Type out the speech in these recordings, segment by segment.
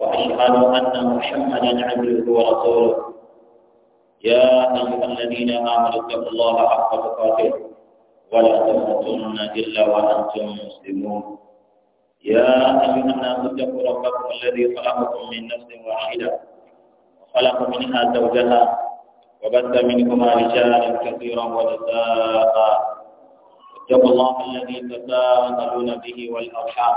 وأشهد أن محمدا عبده ورسوله يا أيها الذين آمنوا اتقوا الله حق تقاته ولا تموتن إلا وأنتم مسلمون يا أيها الناس اتقوا ربكم الذي خلقكم من نفس واحدة وخلق منها زوجها وبث منهما رجالا كثيرا ونساء اتقوا الله الذي تساءلون به والأرحام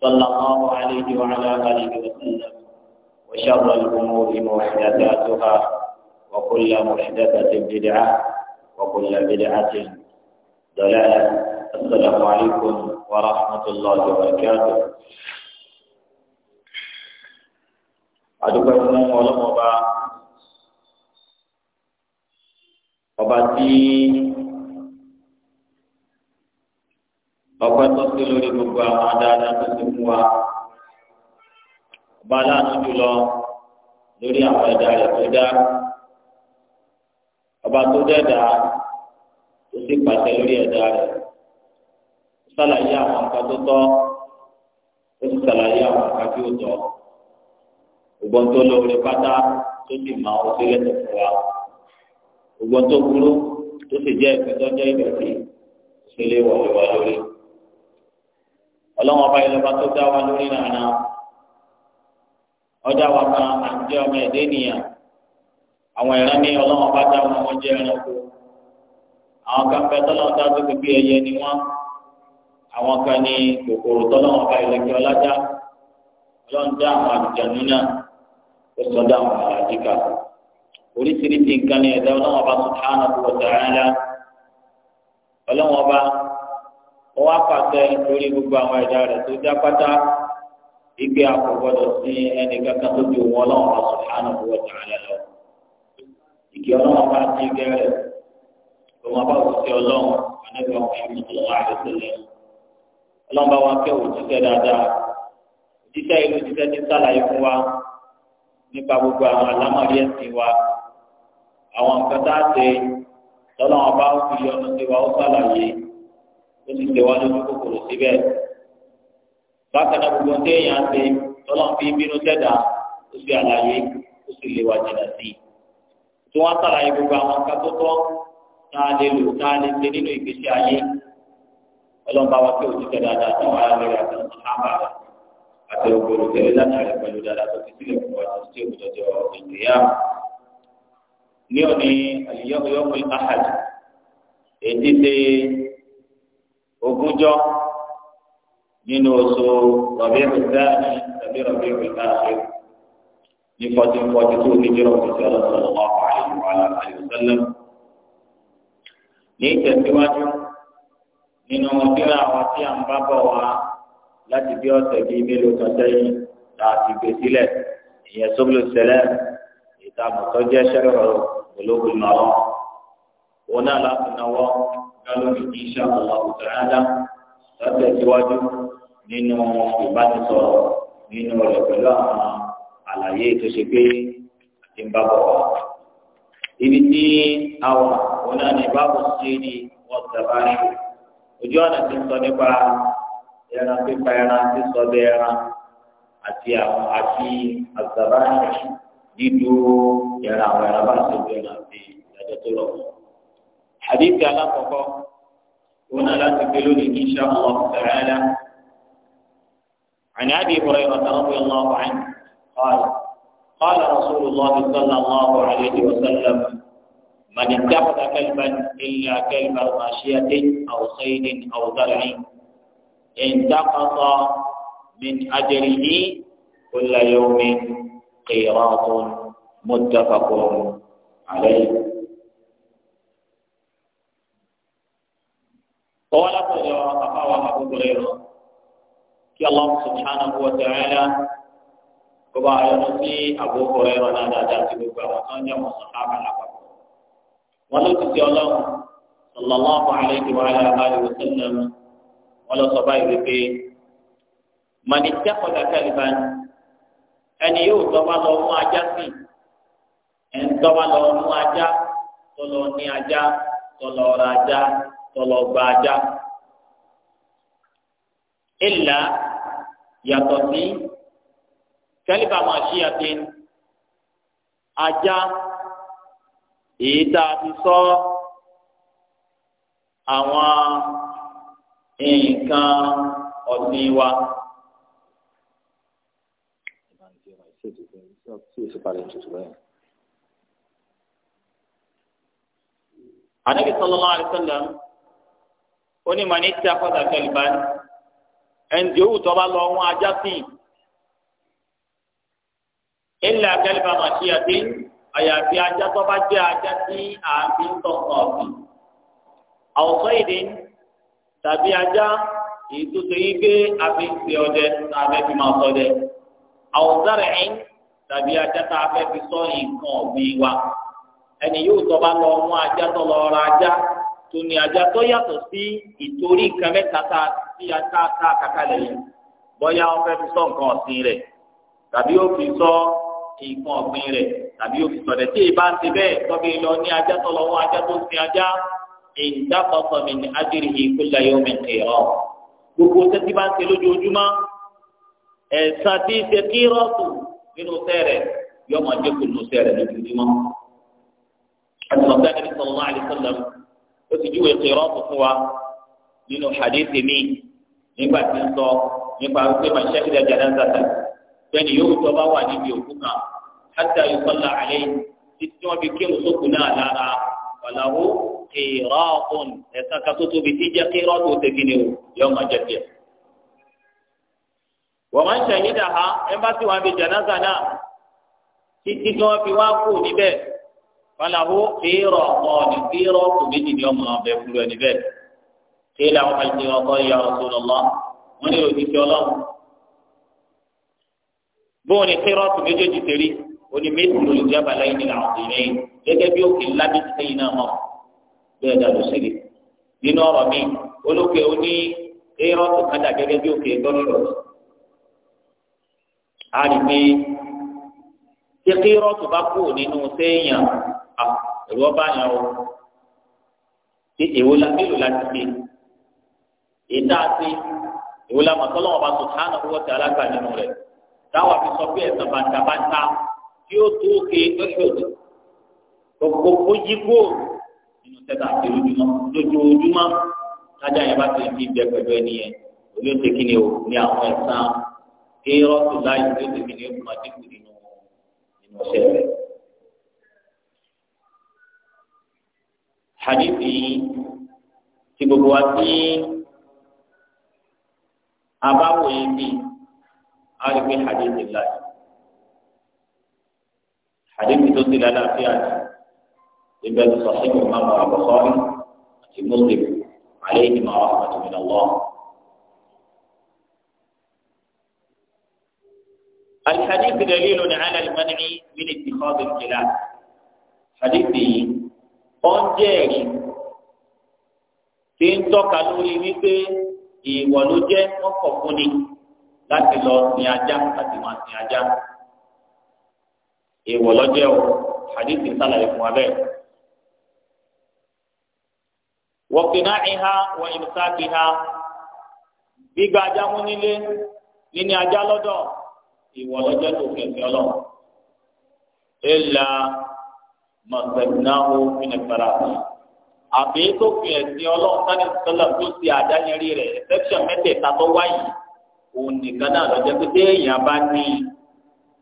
صلى الله عليه وعلى آله وسلم وشر الأمور محدثاتها وكل محدثة بدعة وكل بدعة ضلالة السلام عليكم ورحمة الله وبركاته adúpẹ́ fún ọlọ́mọba ọba tí ọpẹ́ tó sí lórí gbogbo àwọn dáadáa tó ti mú wa ọba aláàánú jùlọ lórí àwọn ẹ̀dá rẹ̀ tó dá ọba tó dẹ́dá tó sì pàṣẹ lórí ẹ̀dá rẹ̀ sàlàyé àwọn nǹkan tó tọ́ ó sì sàlàyé àwọn nǹkan tí ó tọ́ ògbọ́n tó lóore pátá tó sì máa ó sí lẹ́sẹ̀ fún wa ògbọ́n tó burú tó sì jẹ́ ìpẹ́tọ́jẹ́ ìdọ̀tí sílé wọ̀lẹ́wà lórí ọlọ́wọ́n ọba ìlọba tó dá wa lórí ìlànà ọjà wa kan àǹjẹ́ ọmọ ẹ̀dẹ́ ènìyàn àwọn ìran ní ọlọ́wọ́n ọba dá wọn wọn jẹ́ ẹranko àwọn kan fẹ́ tọ́lọ́wọ́n dá tó pípé ẹyẹ ni wọ́n àwọn kan ní kòkòrò tọ́lọ́wọ́n ọba ìlẹ̀kẹ́ ọlájà ọlọ́run dá àwọn àlùjànnú náà ó sọ dá àwọn àlàjíkà oríṣiríṣi nǹkan ní ẹ̀dá ọlọ́wọ́n ọba subhanahu wa ọwọ́ apàtẹ lórí gbogbo àwọn ẹ̀dá rẹ̀ tó já pátá ìgbé àpò gbọdọ̀ sí ẹnì kankan tó ju wọn lọ́wọ́ subhanahu wa ta'ala lọ. ìgbé ọlọ́wọ́ bá ti gẹ́rẹ́ lọ́wọ́ bá wù sí ọlọ́wọ́ ànágbà ọ̀hún ọlọ́wọ́ àdéhùnlẹ̀. ọlọ́wọ́ bá wá kẹ́wò jíṣẹ́ dáadáa jíṣẹ́ ìlú jíṣẹ́ ti sàlàyé fún wa nípa gbogbo àwọn àlámọ̀rí ẹ̀sìn wa àwọn nǹkan tá a ṣe tọ́lọ́wọ́ bá wù ó sì ṣe wá lójú kòkòrò síbẹ̀. bákan náà gbogbo ní èèyàn ṣe tọ́lọ́n fi bínú tẹ̀dá ó sì àlàyé ó sì lè wá jìnnà sí i. tí wọ́n ṣàlàyé gbogbo àwọn nǹkan tó tọ́ tá a lè lò tá a lè ṣe nínú ìgbésí ayé ọlọ́mọba wa kí òtítọ́ dáadáa tó wà lórí àtàwọn sábà rẹ̀ àti ògbòrò tẹ̀lé láti rẹ̀ pẹ̀lú dáadáa tó fi sílẹ̀ fún wa tó ti òkùtọ̀jọ ìgbéyà. ní òní àlùyọ́kọ̀yọ́kọ̀ ogúnjọ́ nínú oṣù rọ̀bí ìfúnsáàmì tàbí rọ̀bí ìfúnsáàmì ní fourteen forty two níjọ́rọ̀ òṣìṣẹ́ ọlọ́sọ̀rọ̀ ọ̀pọ̀ àyẹ̀wò àyẹ̀wòsẹ́lẹ̀. ní ìtẹ̀síwájú nínú ìdíra àwọn tí a ń bá bọ̀ wá láti bí ọ̀sẹ̀ bíi mélòó kan sẹ́yìn tá a ti gbé sílẹ̀ ìyẹn sóbìlì sẹlẹ̀ ìta àbùtọ́jẹ́ sẹ́rọ̀ òlógun náà wọn náà láti náwó lọ́dún insha Allah ta'ala látẹ̀síwájú nínú ìbánisọ̀rọ̀ nínú rẹ̀ pẹ̀lú àwọn àlàyé tó ṣe pé àti ń bá bọ̀ wá. ibi tí a wà wọn náà ní báwo ṣe ni wọ́n sábà rí ojú ọ̀nà tí ń sọ nípa ẹran pípa ẹran tí sọ bẹ ẹran àti àwọn àti àzàbáyé dídú ẹran àwọn ẹran bá ṣe bí ẹran àti ìdájọ́ tó lọ حديث على wọn náà لا gbé إن شاء الله تعالى عن ابي هريره رضي الله عنه قال قال رسول الله صلى الله عليه وسلم من اتخذ كلبا الا كلب غاشيه او صيد او ضرع انتقص من اجره كل يوم قيراط متفق عليه ولا تجرى أخاه أبو هريرة كي الله سبحانه وتعالى كبا يرسي أبو هريرة نادى ذات بكرة وصنع وصحابة لقب ولو تسي الله صلى الله عليه وعلى آله وسلم ولا صبايا بكي من اتخذ كلبا أن يوتما لهم أجاسي أن تما لهم أجا تلوني أجا تلور أجا tọlọ gba ajá ìlà yàtọ̀ sí kẹlíbà máa ṣí àti ajá èyí tá a ti sọ àwọn nǹkan ọ̀sìn wa. sallallahu alaihi onímọ̀ ní tí a fọ́tà kẹlìbá ni ẹnìdí owó tó bá lọ wọn ajá sí i ilẹ̀ akẹ́lìbá mà ṣí àti àyàfi ajá tó bá jẹ́ ajá sí àfi ń tọkàn ọ̀sìn àwòsàn èdè tàbí ajá èyí tó ṣe yí gbé àfi ń ṣe ọdẹ tàbí fi máa sọdẹ àwòsàn rẹ̀ ń tàbí ajá tá a fẹ́ fi sọ nǹkan ọ̀gbìn wa ẹni yóò tó lọ wọn ajá tó lọ ra ajá tòní ajá tó yàtọ̀ sí ìtorí nǹkan mẹ́ta tá a ti ta ta kàkálẹ̀ yìí bóyá wọ́n fẹ́ fi sọ nǹkan ọ̀sìn rẹ̀ tàbí ó fi sọ nǹkan ọ̀gbìn rẹ̀ tàbí ó fi sọ̀rọ̀ tí ì bá ń ti bẹ́ẹ̀ tọ́bi lọ ní ajá tó lọ́wọ́ ajá tó sin ajá ìdákọ̀ọ́sọ̀ mi ní ajrihi kulla yawmin qirah gbogbo tẹ́tí bá ń ṣe lójoojúmọ́ ẹ̀sán tí ń ṣe kírọ́ọ̀tù nínú sẹ́rẹ̀ yọmọ jẹ́kùn nínú sẹ́rẹ̀ lójoojúmọ́. àti ọ̀gá ó ti júwèé kìrọ́ọ̀tù fún wa nínú hadith mi nígbà tí ń sọ nípa wípé màá ṣẹ́kì dá janazatan bẹ́ẹ̀ni yóò tọ́ bá wà níbi òkú kan hatta yusalla alayhi títí tí wọ́n fi kí òṣòkù náà lára wàláwó kìrọ́ọ̀tù ẹ̀sán kan tó tóbi tí jẹ́ kìrọ́ọ̀tù tẹ̀gínì o yọ ọmọ jẹ tiẹ̀. wọ́n máa ń ṣàyídà ha ẹ̀ bá ti wà níbi janaza náà títí tí wọ́n fi wá kú níbẹ̀ falahu kéèrọ ọ̀ọ́nì kéèrọ kò méjì ní ọmọ ọbẹ̀ fúru ẹni bẹ́ẹ̀ kéèrà wọn ti ọkọ ya Rasulullah wọn ní òjijì ọlọ́run bóun ni kéèrọ kò méjèèjì tẹ̀lé oní méjì lòlùdí abala yìí nìlà ọ̀sẹ̀ yìí gẹ́gẹ́ bí òkè ńlá méjì sẹ́yìn náà mọ̀ bẹ́ẹ̀ dà ló ṣẹlẹ̀ nínú ọ̀rọ̀ mi olókè oní kéèrọ kò kádà gẹ́gẹ́ bí òkè dọ́ṣọ̀ a rí pé kéèrọ tó bá kú nínú sẹ́yìn ẹ̀rọ ọba yẹn o ṣé èwo la mélòó la ti ṣe ètò àti èwo la màtọ́ lọ́wọ́ bá subhanahu wa ta'ala nínú rẹ̀ táwa fi sọ pé ẹ̀sán bàtàbàtà tí ó tó ké lọ́sọ̀dọ̀ gbogbo kójí góòlù nínú tẹ́tà àti ojúmọ́ lójoojúmọ́ tájà yẹn bá ti di bẹ pẹ̀lú ẹni yẹn olóyè ti kí ni o ní àwọn ẹ̀sán kéèrọ́ọ̀tù láyé olóyè ti kí ni o kò máa nínú ọ̀sẹ̀ rẹ̀. hadithi tí gbogbo wa tí a bá wòye bí a lè fi hadithi láti hadithi tó ti lálàáfíà ni ibẹ̀ tó sọ sínú mọ́mọ́ àbọ̀sọ́rí àti muslim alayhi ma rahmatu min Allah. الحديث دليل على المنع من اتخاذ الكلاب حديثي ọ̀njẹ́ ẹ̀rí ti ń tọ́ka lórí wípé ìwọ̀ ló jẹ́ ọkọ̀ fún ni láti lọ sin ajá láti máa sin ajá ìwọ̀ lọ́jẹ́ o hadithi sálàyé fún wa bẹ́ẹ̀. wọ̀kìnà ìhà wọ ìmùsáàkì ha gbígba ajá mú nílé níní ajá lọ́dọ̀ ìwọ̀ lọ́jẹ́ tó kẹ̀kẹ́ ọlọ́run mọ̀sẹ̀dúnáwó mìnìfẹ̀rà àbí tó fi ẹ̀sìn ọlọ́run sani sọlá tó ti àdáyẹrí rẹ̀ ẹ̀sẹ̀pṣọ̀n mẹ́tẹ̀ẹ̀ta tó wáyé òun nìkan náà lọ́jọ́ pé téèyàn bá ní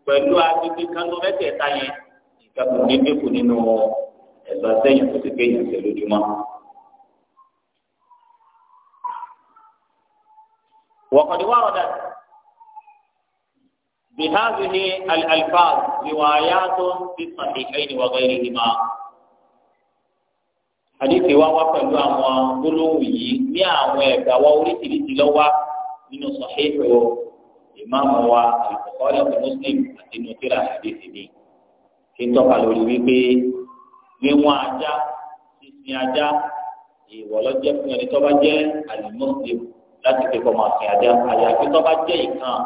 pẹ̀lú agbègbè kanú mẹ́tẹ̀ẹ̀ta yẹn ìkàkùn ní dínkù nínú ẹ̀sọ́ sẹ́yìn tó ti gbéyàn sí lójúmọ́. wọ́n kàn ní wàhálà بهذه الألفاظ روايات في الصحيحين وغيرهما hadithi wa wá pẹ̀lú àwọn gbólóhùn yìí ní àwọn ẹ̀gbà wa oríṣiríṣi ló wà nínú sọ̀híhù ìmáàmù wa al-Bukhari àti Muslim àti nùtírà hadithi ni ṣe ń tọ́ka lórí wípé wíwọ́n ajá sísin ajá ìwọ̀lọ́jẹ́ fún ẹni tó bá jẹ́ al-Muslim láti fi kọ́ máa sin ajá àyàfi tó bá jẹ́ ìkan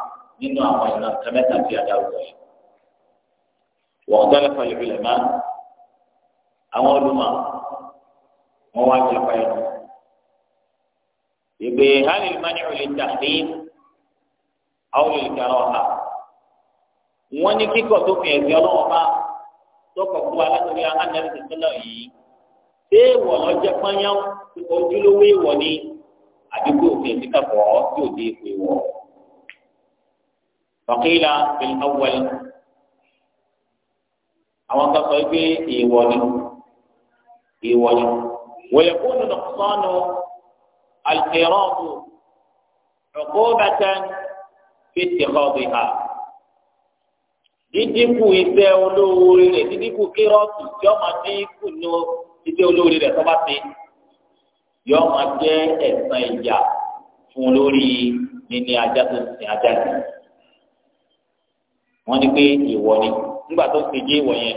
nínú àwọn ìlànà kẹmẹta tí a dárúkọ yìí wọn dọlẹ pẹ̀lú ilẹ̀ máa àwọn olùmọ̀ wọn wá jẹ pẹ̀lú ìgbé hali mani olè tàbí àwọn olùkàrọ ọha wọn ní kíkọ tó fi ẹsẹ̀ ọlọ́wọ́ bá tọkọ fún wa látọrí ahánẹrì tẹsílẹ yìí ṣé ìwọ lọ jẹ pányán ojúlówó ìwọ ni àdúgbò òfin ẹsẹ̀ tí ò dé ìpè wọ fàkìlà ìlàwọlì àwọn kan sọ pé ìwọlì ìwọlì wọlé kúndùn nìkúsánù alìkèrọ́ọ̀tù ọ̀kọ́bàtàn fìtì kọ́ọ̀bì ha dídínkù iṣẹ́ olóore rẹ̀ dídínkù kírọ́ọ̀tù tí ọmọ dínkù ní iṣẹ́ olóore rẹ̀ tó bá ti yọ ọmọ jẹ́ ẹ̀san ìyà fún lórí níní ajá tó sin ajá yìí wọ́n ní pé ìwọ ni nígbà tó ti jẹ́ ìwọ yẹn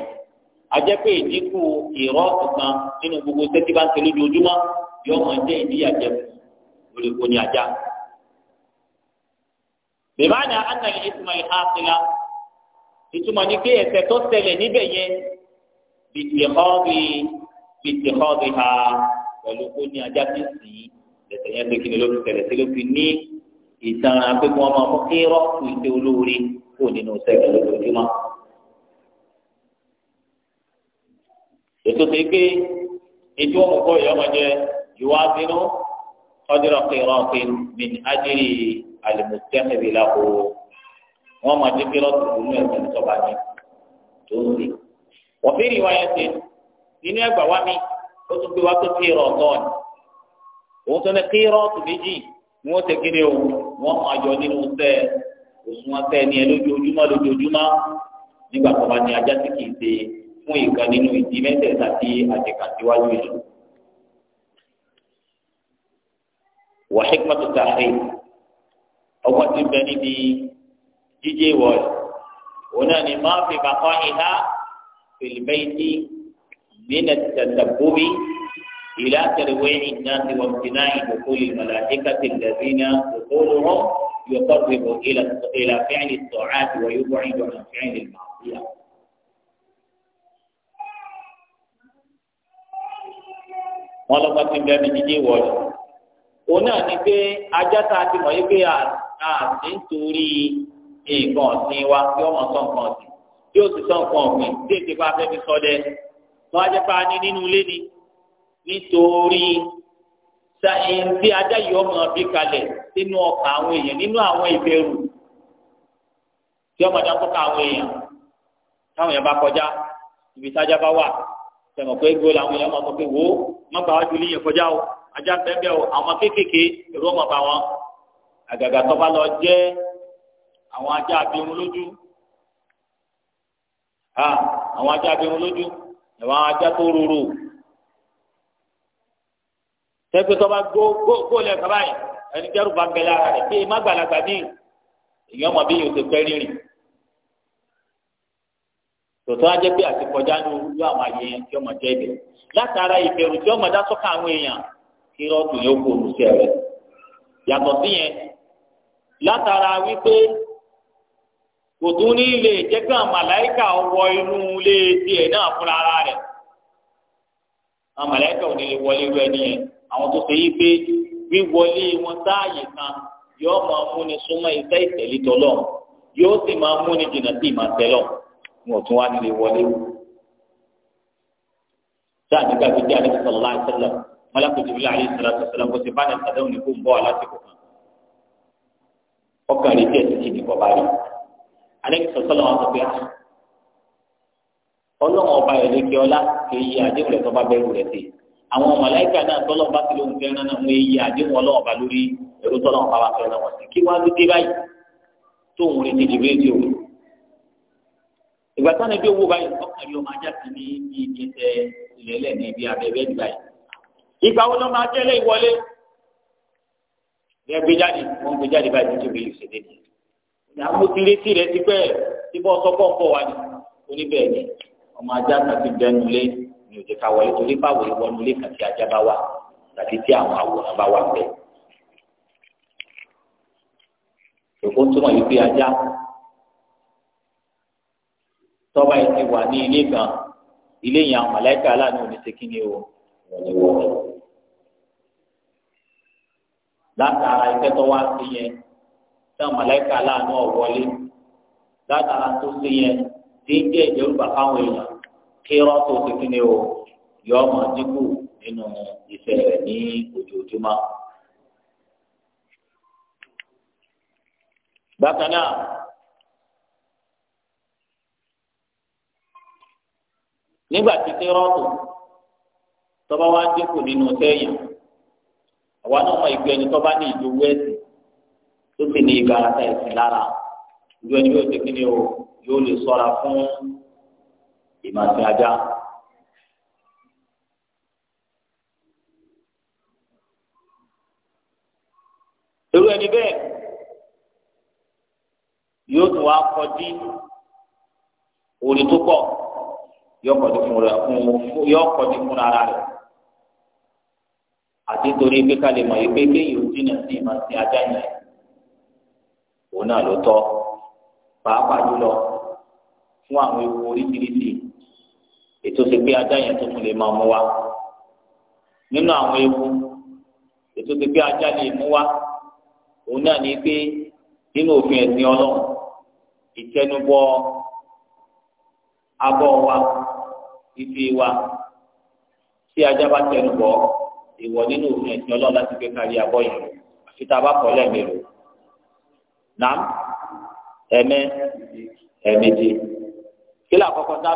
ajẹ́ pé ìdínkù ìrọ́ kan nínú gbogbo sẹ́tí bá ń ṣe lójoojúmọ́ yóò máa jẹ́ ìdíyà jẹ lórí kò ní ajá. bèbá ni anàlẹ́ ìtumọ̀ ìhà sílá ìtumọ̀ ni pé ẹ̀ṣẹ̀ tó ṣẹlẹ̀ níbẹ̀ yẹn bìtìkọ́ọ̀bì bìtìkọ́ọ̀bì ha pẹ̀lú kò ní ajá ti sì í ẹ̀ṣẹ̀ yẹn tó kí ni ló fi ṣẹlẹ̀ sí ló fi ní ìtàn àpékùn ọmọ fún kí rọ́ọ̀kù ìṣe olóore kú nínú sẹ́ẹ̀kì lójoojúmọ́. ètò tó gbé ètò òmùkọ́ ìyọ́mọdé ìwà bínú ọdúnrún kìrọ̀kì min ajírí àlùmùtẹ́kẹ̀bí làkó wọ́n máa dé kírọ́ọ̀tù nínú ẹ̀sìn ìjọba ní tó ń sè. wọ́n fi rí wáyé sí nínú ẹgbà wá mi ó tún gbé wá tó kírọ̀ọ̀tọ̀ ni òun tó ní kírọ̀ọ̀tù méjì ni wọ́n ti kiri o wọ́n máa yọ nínú sẹ́ẹ̀ òṣùwọ̀n sẹ́ni ẹ lójoojúmọ́ lójoojúmọ́ nígbà tó bá ní ajá tí kìí ṣe fún ìkan nínú ìdí mẹ́tẹ̀ẹ̀ta tí àjẹkà síwájú yìí. wà hikmatu tahrim ọgbọ́n ti bẹ níbi jíjẹ wọ̀ọ́lù òun náà ni máa fi bàkọ́ ìhá fìlìmẹ́ẹ̀tì من التسبب إلى ترويع الناس وامتناع دخول الملائكة الذين دخولهم يقرب إلى إلى فعل الطاعات ويبعد عن فعل المعصية wọn lọ pàtó ìgbà mi dídé wọlé òun náà ni pé ajá tá a ti mọ̀ yìí pé a ti ń torí nǹkan ọ̀sìn wa kí ọmọ sọ nǹkan ọ̀sìn tí ó sì sọ nǹkan ọ̀gbìn tí èsì bá fẹ́ fi sọ dẹ wọn á jẹ́ pé a nínú ilé ni nítorí ta ẹ̀ǹdí ajá yìí ọmọ bí kalẹ̀ sínú ọkà àwọn èèyàn nínú àwọn ìbẹ̀rù tí ọmọ ajá kọ́ka àwọn èèyàn táwọn èèyàn bá kọjá ibi tájá bá wà tẹ̀mọ̀ pé gbó làwọn èèyàn máa sọ pé wò ó má bàa ju líyìn kọjá o ajá bẹ́ẹ̀ o àwọn kéékèèké èrò ọmọ bá wọn àgàgà tó bá lọ jẹ́ àwọn ajá abirun lójú ah, àwọn ajá abirun lójú àwọn ajá tó rorò sẹ́gbẹ́ tó bá gbó gbó gbó lẹ̀ kaba yìí ẹni kẹ́rù bá bẹ̀ lára rẹ̀ bí má gbàlagbà ní èèyàn mọ̀ bí yóò ṣe pẹ́ rírì. tòótọ́ á jẹ́ pé àti kọjá ní olú àwọn àyè yẹn tí ọmọ jẹ́ ibẹ̀ látara ìbẹ̀rù tí ọmọ dásọ́ ká àwọn èèyàn kí rọ́ọ̀tù yóò kó olùsẹ̀ rẹ̀ yàtọ̀ sí yẹn látara wípé kò tún ní lè jẹ́ kí àwọn màláìkà wọ inú ilé tiẹ̀ náà fúnra rẹ̀ àwọn màláìkà ò àwọn tó ṣe yí pé wíwọlé wọn sáàyè kan yóò máa múni súnmọ́ iṣẹ́ ìtẹ̀lé tọ́lọ̀ yóò sì máa múni jìnnà sí ìmọ̀ tẹ́lọ̀ wọn ò tún wá nílé wọlé. sáà nígbà tó jẹ́ àdébí sọ̀rọ̀ láì sẹ́lẹ̀ mọ́lákùtù bí láàyè sọ̀rọ̀ sọ̀rọ̀ kó ti bá dẹ̀ sọ̀rọ̀ ní kó ń bọ̀ alásìkò kan. ọkàn rẹ̀ díẹ̀ sí kìíní kọ̀ọ̀bá rẹ̀ àwọn màláíkà náà tọ́lọ́ bá ti lóun fẹ́ náà wọ́n yí àdéhùn ọlọ́wọ́ bá lórí ẹ̀rọ tọ́lọ́ wọn bá fẹ́ náà wọ́n sì kí wọ́n á ló dé báyìí tó òun retí jìbìrì tí òun. ìgbà táwọn ẹbí owó báyìí ọkàn yóò máa jáde ní ibi ìdíyẹsẹ ìlẹ́lẹ̀ ní ibi abẹ́rẹ́ ìgbà yìí. ìgbà wo ló máa tẹ́lẹ̀ ìwọlé? bẹ́ẹ̀ gbé jáde wọ́n gbé jáde báyìí ni òjò ká wọlé torí báwo ìwọnú ilé kan tí ajá bá wà tàbí tí àwọn àwòrán bá wà bẹ́ẹ̀. èkó túmọ̀ yìí pé ajá tọ́ba yìí ti wà ní ilé kan ilé yẹn àwọn mọ̀lẹ́kà aláàánú ò ní ṣe kí ni o wọ́n ní wọ́n látara iṣẹ́ tó wá sí yẹn tí mọ̀lẹ́kà aláàánú ò látara tó sí yẹn tí ń jẹ́ ìjẹ́rùbà fáwọn èèyàn kírọ́ tó ti kí ni o yọ ọmọ dínkù nínú ìfẹ́ rẹ̀ ní ojoojúmọ́. bákan náà nígbà tí kírọ́ tó tọ́ba wá dínkù nínú sẹ́yìn àwa náà mọ ìgbẹ́ ẹni tọ́ba ní ìdówó ẹ̀sìn tó sì ní ìgbà ara ẹ̀sìn lára ìgbẹ́ ẹni yóò ti kí ni o yóò lè sọ́ra fún ìmọ̀sìn ajá. irú ẹni bẹ́ẹ̀ yóò tún wá kọjú orí tó pọ̀ yóò kọjú fún rẹ̀ fún yóò kọjú fún ara rẹ̀ àti torí pé ká lè mọ̀ yìí pé kéèyàn ò jìnnà sí ìmọ̀sìn ajá yẹn òun náà ló tọ́ pàápàá jùlọ fún àwọn ewu oríṣiríṣi ètò ti pé ajá yẹn tó tún lè máa mú wa nínú àwọn ewu ètò ti pé ajá lè mú wa òun náà ní pé nínú òfin ẹ̀sìn ọlọ́run ìtẹnubọ abọ́ wa ife wa tí ajá bá tẹnubọ ìwọ nínú òfin ẹ̀sìn ọlọ́run láti gbé kárí abọ́ yẹn àfi tá a bá kọ́ lẹ́ẹ̀mẹ́rò nàám ẹ̀mẹ́ ẹ̀mẹ́dì kí lóò àkọ́kọ́ sáà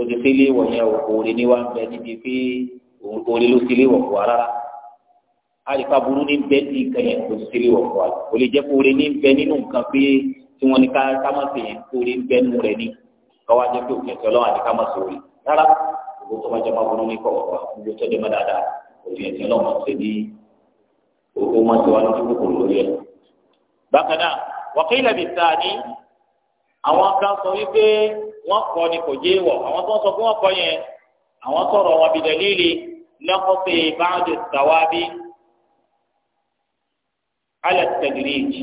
tó ti fi léwọ̀ yẹn òòrè ni wà ń bẹ níbi pé òòrè ló ti léwọ̀ fún wa rárá àlìfà burú ní bẹ ti nǹkan yẹn kò sí léwọ̀ fún wa kò lè jẹ́ òòrè ní bẹ nínú nǹkan pé tí wọ́n ní ká sámà ni káwá jẹ́ pé òkè tọ́lọ́ àti ká má sọ òòrè rárá gbogbo tó bá jẹ́ má burú ní kọ̀ọ̀kọ̀ gbogbo tó jẹ́ má dáadáa òòrè ẹ̀sìn náà má ṣe ní òkú má ṣe wá lójú kòkòrò lórí ẹ̀. kan sọ wọ́n kọ́ ni kò yé wọ̀ àwọn tó ń sọ pé wọ́n kọ́ yẹn àwọn sọ̀rọ̀ wọn bìdẹ̀ líle lọ́kọ́sẹ̀ báńdì sàwábí alẹ́ tẹ̀gìrìjì.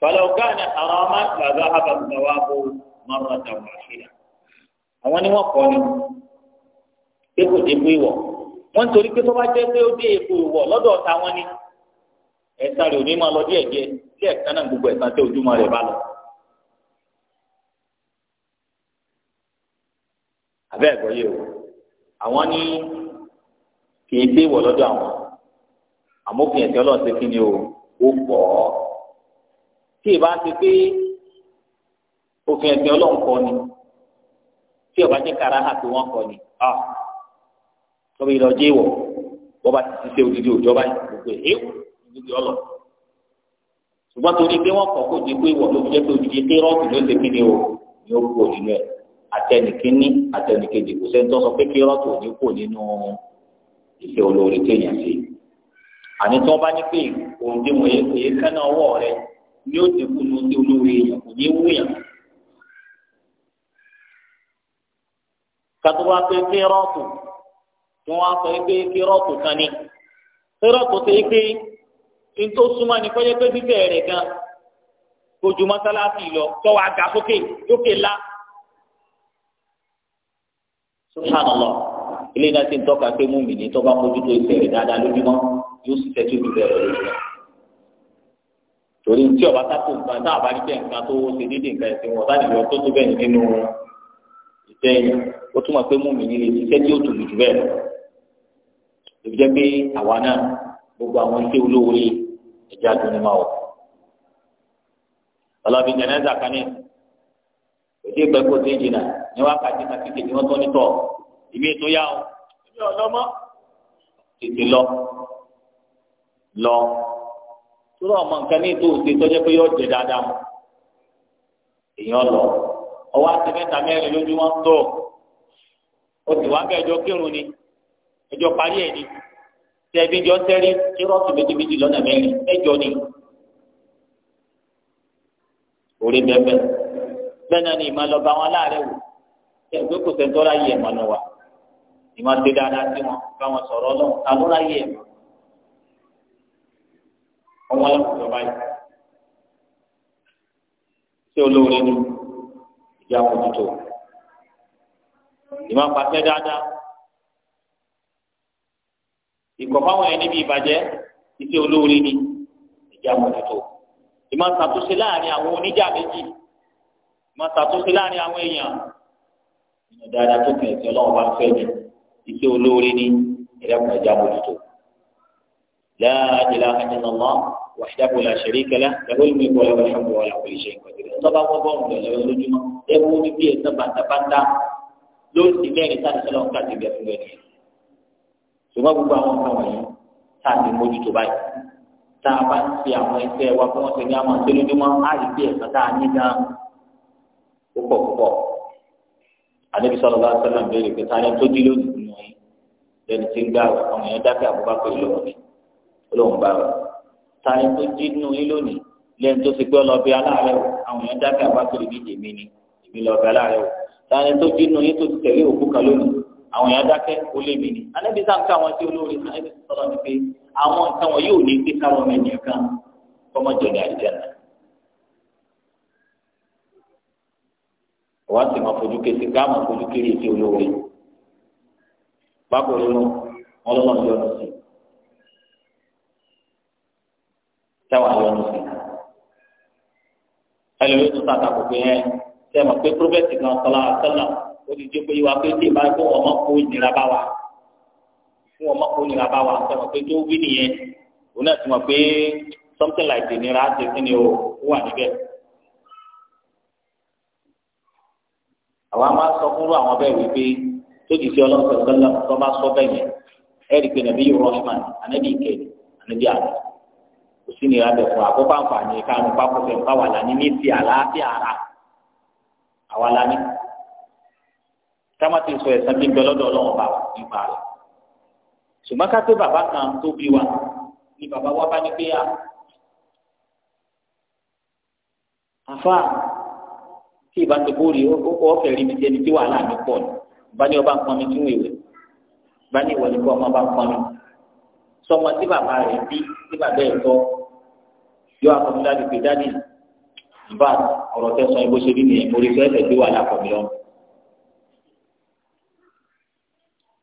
فلو كان حراما لذهب الثواب مرة واحدة àwọn ni wọ́n kọ ni pé kò dé pé wọ wọn torí pé tó bá jẹ́ pé ó dé èpo ìwọ lọ́dọ̀ ọ̀tá wọn ni ẹ̀san rẹ̀ ò máa lọ díẹ̀ díẹ̀ díẹ̀ kan náà gbogbo ẹ̀san tí ojúmọ́ rẹ̀ bá lọ. abẹ́ ẹ̀gbọ́ yìí o àwọn ní kì í dé wọ̀ lọ́dọ̀ àwọn àmófin ẹ̀sìn ọlọ́run ṣe kí ni o ó pọ̀ ọ́ tí ì bá ti pé òfin ẹ̀sìn ọlọ́run kọ́ ni tí ọba jẹ́ karaha tó wọ́n kọ́ ni ọ tọ́bi ìlọ́jẹ́ ìwọ̀ wọ́n bá ti ṣiṣẹ́ odidi òjọba gbogbo ẹ̀ ẹ́ níbi ọlọ́ ṣùgbọ́n torí pé wọ́n kọ́ kó di pé ìwọ̀ ló fi jẹ́ pé odidi kérọ́ọ̀tù ló ṣe kí ni o ni ó kú òdìlú ẹ̀ àtẹnìkíní àtẹnìkejì kò sẹ́ni tó sọ pé kí rọ́ọ̀tù òní kò nínú iṣẹ́ olóore téèyàn ṣe àní tí wọ́n bá ní pé òun dé wọ́n yẹ kánná ọwọ́ rẹ ni ó dínkù ní oṣù olóore èèyàn kò ní wú yàn. kátó wá pé kí rọ́ọ̀tù tí wọ́n sọ pé kí rọ́ọ̀tù kan ní kí rọ́ọ̀tù ṣe pé ntó súnmọ́ ni kọ́jẹ́ pé bíbẹ̀ rẹ̀ gan kojú mọ́sálásí lọ tọ́wọ́ àga sókè lókè la subhanallah ilé náà ti ń tọ́ka pé mú mi ní tọ́ bá mójú tó ẹsẹ̀ rẹ̀ dáadáa lójúmọ́ yóò sì tẹ́tù ìlú rẹ̀ lójúmọ́ torí tí ọba tá tó nǹkan tá àbá rí bẹ́ẹ̀ nǹkan tó ṣe déédéé nǹkan ẹ̀sìn wọn bá nìyọ tó tó bẹ́ẹ̀ nínú ìṣe yẹn ó túmọ̀ pé mú mi nílé iṣẹ́ tí ó tù jù bẹ́ẹ̀ lọ èmi jẹ́ pé àwa náà gbogbo àwọn iṣẹ́ olówó yìí ẹ̀jẹ̀ àdúnyìnmáwò ọlọ́bìnrin jẹ̀nẹ́sà kan ní tí ìgbẹ́ kò tí ì jìnnà ní wákàtí kan kékeré wọn tó nítọ̀ ìbí ètò yá o ìbí ọ̀lọ́mọ tètè lọ lọ tóra ọmọ nǹkan ní ètò òsè tọ́jẹ́ pé yóò jẹ dáadáa mọ́ èèyàn lọ ọwọ́ àti mẹ́ta mẹ́rin lójúmọ́ tó o sì wá bẹ́ẹ̀ ẹjọ́ kírun ni ẹjọ́ parí ẹ̀ ni tẹ ẹbí jọ sẹ́rí kírọ́ọ̀tù méjìméjì lọ́nà mẹ́rin ẹjọ́ ni orí bẹ́ẹ̀ bẹ́ẹ̀ bẹ́ẹ̀ náà ni ìmọ̀ lọ́ba wọn láàrẹ̀ wò ṣe ìgbé kò sẹ́ńtọ́ láyé ẹ̀mọ́ ni wa ìmọ̀ ti dáadáa sí wọn bá wọn sọ̀rọ̀ ọlọ́run ta ló láyé ẹ̀mọ́ ọmọ ọlọ́kùnrin ọba yìí ṣé olóore ni ìjà mójútó ìmọ̀ pàṣẹ dáadáa ìkọ̀fáwọn ẹni bíi ìbàjẹ́ iṣẹ́ olóore ni ìjà mójútó ìmọ̀ ṣàtúnṣe láàrin àwọn oníjà méjì máa ṣàtúnṣe láàrin àwọn èèyàn nínú dáadáa tó kàn ẹsẹ Ọlọ́run bá ń fẹ́ mi iṣẹ́ olóore ní ẹlẹkùn ẹjá bójútó la ilaha illallah wahdahu la sharika lahu lahul mulku wa lahul hamdu wa huwa ala kulli shay'in qadir tọba gbọgbọ ọmọdé lọ́wọ́ lójúmọ́ ẹkú ní bí ẹsẹ bàtàbàtà ló ti mẹ́rin sáà sọlọ ń káàdì bẹ fún ẹni ṣùgbọ́n gbogbo àwọn nǹkan wọ̀nyí tá a ti mójútó báyìí tá a bá ti àwọn ẹsẹ wa fún ọ̀sẹ̀ ní àwọn àti lójúmọ́ á rí bí ẹsẹ tá a ní gan púpọ̀ púpọ̀ anabi sọlọ bá sọlọ ń béèrè pé táyà tó dí lónìí nù yín lẹni tí ń gbà wọ àwọn èèyàn dákẹ́ àbúbákọ ìlọrin ni olóhùn bá wọ táyà tó dí nù yín lónìí lẹni tó ti pé ọlọbẹ aláàárẹ̀ wọ àwọn èèyàn dákẹ́ àbúbákọ ìbí èmi ni èmi lọbẹ aláàárẹ̀ wọ táyà tó dí nù yín tó ti tẹ̀lé òkú kan lónìí àwọn èèyàn dákẹ́ ó ni anabi àwọn tí olórí wà á sì máa fojú kése ká máa fojú kéré sí olóore bákan nínú wọn lọ́nà yọnu sí táwọn yọnu sí ẹlòmíín tó sàkàkọ pé ẹ ṣe mọ̀ pé prófẹ́tì kan sọlá sọlá ó ti jẹ́ pé wá pé tí ìbá fún ọmọ kó nira bá wa fún ọmọ kó nira bá wa ṣe mọ̀ pé tó wí nìyẹn òun náà ti mọ̀ pé something like the nira ṣe kí ni ó wà níbẹ̀. àwa máa sọ fúnrú àwọn bẹ́ẹ̀ wípé tó ti fi ọlọ́sọ̀ sọ́lá tó bá sọ bẹ́ẹ̀ yẹn ẹ̀rí pé nàbí yóò rọ́ṣman ànábì ìkẹyìn ànábì àná kò sí ní ìrábẹ̀ fún àkókò àǹfààní káàmù pápọ̀fẹ́ káwà lání ní ti àlàáfíà ara àwa lání kámátì sọ ẹ̀sán bí gbẹlọ́dọ̀ ọlọ́run bá nípa rẹ̀ ṣùgbọ́n ká bàbá kan tó bí wa ni bàbá wa bá ní pé a àfa tí ìbá ti bóri ọfẹ rí mi tẹni tí wàhálà mi pọ̀ ni bá ní ọba ń pọn mi tún ìwé bá ní ìwọ ní kọ ọmọ bá ń pọn mi sọmọ tí bàbá rẹ bí tí bàbá ẹ tọ yọ akọmọdé àdìgbé dání bá ọ̀rọ̀ tẹ sọ ibo ṣe bí nìyẹn mo rí fẹẹ fẹẹ gbé wàhálà pọ̀ mi lọ.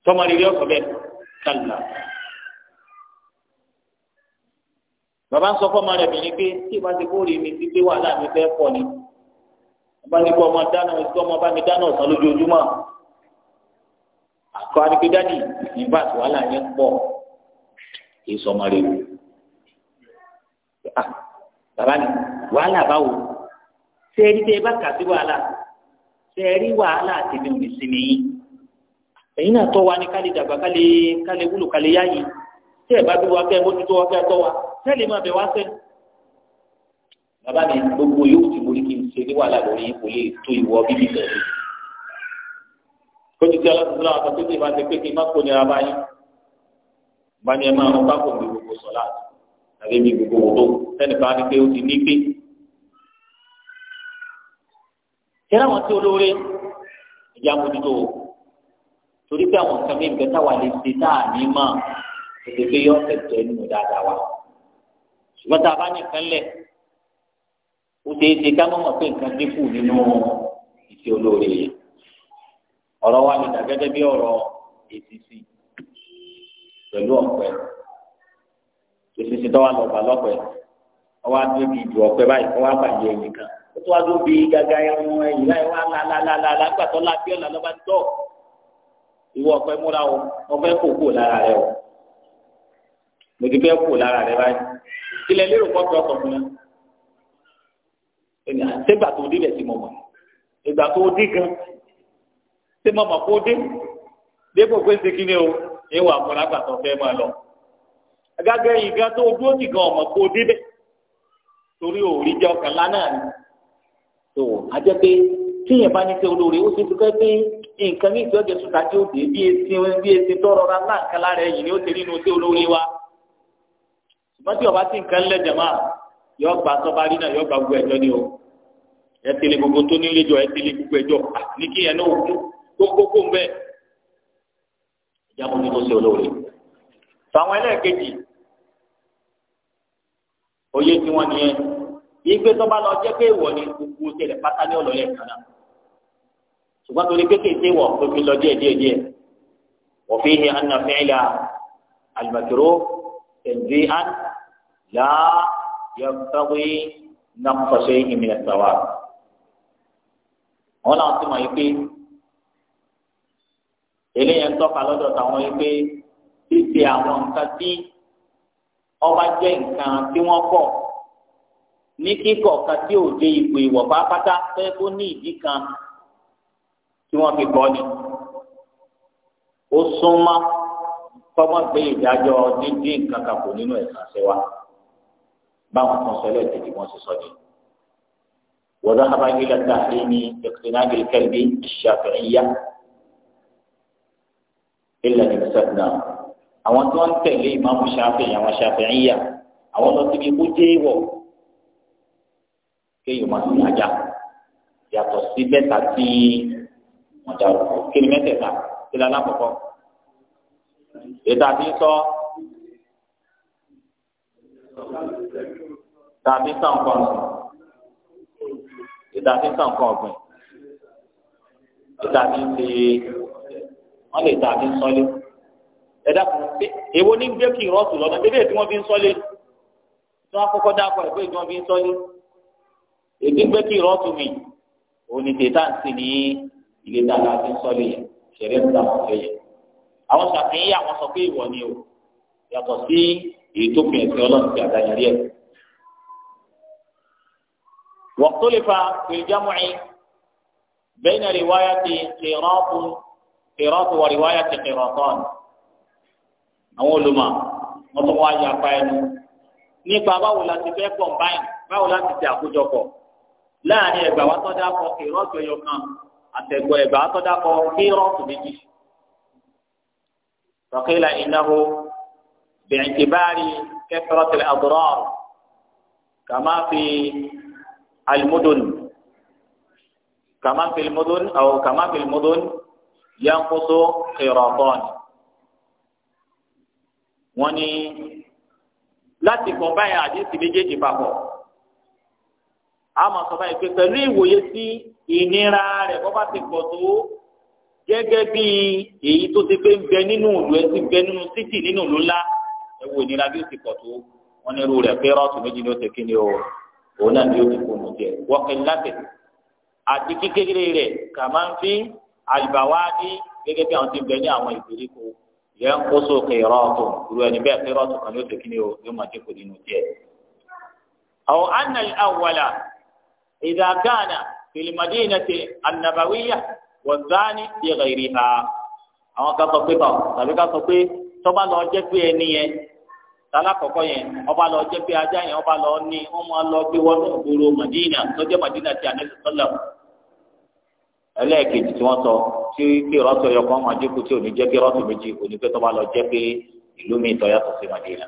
sọmọ rírì ọkọ bẹ́ẹ̀ kálá bàbá ń sọ fọmọ rẹ bìnrin pé tí ìbá ti bóri mi ti gbé wàhálà mi fẹẹ pọ̀ ni ọba ní kó ọmọ dáná kó ọmọ bá mi dáná ọ̀sán lójoojúmọ́ àkọ́ adigunjalè nígbà tí wàhálà yẹn pọ̀ kì í sọmọ rẹ̀ wò ah bàbá mi wàhálà báwo ṣe é rí bẹ́ẹ̀ bá kà sí wàhálà ṣe é rí wàhálà tèmi ò ní sinmi yín ẹ̀yin náà tọ́ wa ní kálí dàgbà kálí kálí wúlò kálí yáyì tẹ́ ẹ̀ bá bí wa kẹ́ mójútó wa kẹ́ tọ́ wa tẹ́ ẹ̀ lè máa bẹ̀ wá sẹ́. bàbá mi gbogbo yóò ti ṣe ní wàhálà lórí kò lè tó ìwọ bíbí tẹ̀lé. kó títí aláàbùsọ náà àtọ́jú ìbá ti pé kí n má kó nira báyìí bá ní ẹ máa wọn bá kò ní gbogbo sọlá tàbí mi gbogbo wò tó sẹ́nìkan ní pé ó ti ní pé. ṣé láwọn tí olóore ìjà mójútó o torí pé àwọn nǹkan bíi nǹkan táwa lè ṣe tá a ní mọ ètò pé yọ ọ̀sẹ̀ tẹ dáadáa wa ṣùgbọ́n tá a bá ní nǹkan ó ṣeé ṣe ká mọ̀mọ́ pé nǹkan dínkù nínú ìṣe olóore yẹn ọ̀rọ̀ wa lè dà gẹ́gẹ́ bí ọ̀rọ̀ èsìsì pẹ̀lú ọ̀pẹ èsìsì tó wà lọ́ba lọ́pẹ ọwọ́ adóbi ìdù ọ̀pẹ báyìí kọ́ wá bàjẹ́ ẹ̀yìn kan ó tún adóbi gàgà ẹ̀hún ẹ̀yìn láì wá lálálálá gbàtọ́ lábíọ́lá lọ́ba tó ìwọ ọ̀pẹ múra o ọ̀pẹ kò kú lára rẹ o mo ti fẹ́ kú lára rẹ báyìí ilẹ̀ lérò kọ́ ẹnì àtẹ́gbà tó dé bẹ̀ sí mọ̀mọ́ ìgbà tó dé gan ṣé mọ̀mọ́ kó dé dépò pé ṣe kí ni o ìwà àkọlágbà tó fẹ́ máa lọ gágẹ́ ìgbà tó dúró nìkan ọmọ kó dé bẹ̀ torí òòrí jẹ́ ọkàn lánàá ni tó ajẹ́ pé tíyẹn bá ní ṣe olóore ó ṣe fúkẹ́ pé nǹkan ní ìjọ́jẹ́ sùn tàbí òde bí esi bí esi tọrọ ra ńlá nǹkan lára ẹ̀yìn ni ó ṣe nínú ṣe olóore wa ṣùgbọ́n tí ọba tí nǹkan lẹ́jẹ̀ máa yọ gba tọba rí náà yọ gba gbogbo ẹjọ́ ni o ẹ tẹ̀lé gbogbo tó nílé jọ ẹ tẹ̀lé gbogbo ẹjọ́ ah, ní kí ẹ náà kú kókókó ń bẹ ìjábọ̀ ní tó ṣe olóore. fàwọn ẹlẹ́ẹ̀kejì oyè tí wọ́n nìyẹn ìgbé tọ́ba lọ jẹ́ pé ìwọ ni gbogbo tẹ̀lé pátá ní ọ̀lọ́lẹ̀ kan náà ṣùgbọ́n torí pé kéèké wọ̀ tó fi lọ díẹ̀ díẹ̀ díẹ̀ wọ́n fi hẹ́ anna fẹ́ẹ́lá alimakiro tẹ̀lé yọtọwé nàkọsẹ ìmìlẹ tọwà wọn náà ti mọ yìí pé eléyẹn ń tọ́ka lọ́dọ̀ táwọn yìí pé ṣíṣe àwọn nǹkan tí ọba jẹ́ nǹkan tí wọ́n kọ̀ ní kíkọ̀ kan tí ò dé ipò ìwọ̀ pátápátá fẹ́ kó ní ìdí kan tí wọ́n fi kọ́ ni ó súnmọ́ kọ́mọ́ gbé ìdájọ́ dídí nǹkan kò nínú ẹ̀sán wa báwọn kan sọ lẹ́ẹ̀kejì wọn sì sọ ni. وذهب إلى تحريم اقتناء الكلب الشافعية إلا لمسكنا àwọn tí wọ́n tẹ̀lé ìmáàmù ṣáfìyàn àwọn ṣáfìyàn àwọn lọ síbi kó jẹ ìwọ kéèyàn máa fi ajá yàtọ̀ sí mẹ́ta tí wọ́n dárúkọ kí ni mẹ́tẹ̀ẹ̀ta kí alákọ̀ọ́kọ́ ètò àti sọ tàbí sànkọ ọ̀sìn ìdàbí sànkọ ọ̀gbìn ìdàbí ṣe wọ́n lè dàbí sọ́lé ẹ̀dá kan ṣe èwo ní gbé kí ìrọ́sù lọ́nà bébí èdè wọn fi ń sọ́lé tí wọ́n kọ́kọ́ dákọ̀ ẹ̀gbẹ́ èdè wọn fi ń sọ́lé èdè gbé kí ìrọ́sù mi òní tètà ń sìn ní ilé dáadáa fi ń sọ́lé yẹn ṣẹ̀rẹ́ ń dà wọ́n fẹ́ yẹn àwọn ṣàfihàn àwọn sọ pé ìwọ ni o yàtọ̀ sí èyí tó fi ẹ̀sìn ọlọ́run ti àdáyẹrí ẹ̀sìn. واختلف في الجمع بين رواية قراط قراط ورواية قراطان àwọn olùmọ̀ wọn tó wáyé apá ẹnu nípa báwo la ti fẹ́ kọmbáìn báwo la ti ti àkójọpọ̀ láàrin ẹgbà wa tọ́jà kọ kìrọ́ọ̀tù ẹyọ kan àtẹ̀gbọ́ ẹgbà wa tọ́jà kọ kìrọ́ọ̀tù méjì. فقيل إنه باعتبار كثرة الأضرار كما في المدن كما في المدن أو كما في المدن ينقص قيراطان wọ́n ní láti kàn báyìí àdéhùn méjèèjì papọ̀ a máa sọ báyìí pé pẹ̀lú ìwòye sí ìnira rẹ̀ bọ́ bá ti pọ̀ tó gẹ́gẹ́ bí èyí tó ti pé ń bẹ nínú ìlú ẹ ti bẹ nínú títì nínú ìlú ńlá ẹ wo ìnira bí ó ti pọ̀ tó wọ́n ní irú rẹ̀ pé rọ́ọ̀tù méjì ni ti kí ni o òun náà ni yóò fi kó mu jẹ wọ́kẹ́ láti àti kékeré rẹ̀ kà máa ń fi àlùbáwáàdì gẹ́gẹ́ bí àwọn ti bẹ ní àwọn ìgbèríko yẹn ń kó sókè rọ́ọ̀tù irú ẹni bẹ́ẹ̀ pé rọ́ọ̀tù kan yóò tẹ̀kí ni o yóò máa dínkù nínú jẹ. àwọn anal awala ìdàgánà fìlìmàdínà ti ànàbàwíyà wọ̀nzáni ti rẹ̀ ha àwọn kan sọ pé báwọn tàbí kan sọ pé tọ́ba lọ jẹ́ pé ẹni yẹn talakọkọ yẹn ọba lọ jẹ pé ajá yẹn ọba lọ ní wọn máa lọ gbé wọnú ìgboro madina sọjẹ madina ti anabi sọlọ ẹlẹ́ẹ̀kejì tí wọ́n sọ tí kí rọ́tò yọkọ máa dínkù tí ò ní jẹ́ kí rọ́tò méjì kò ní pẹ́ tọ́ba lọ jẹ́ pé ìlú mi tọ́ yàtọ̀ sí madina.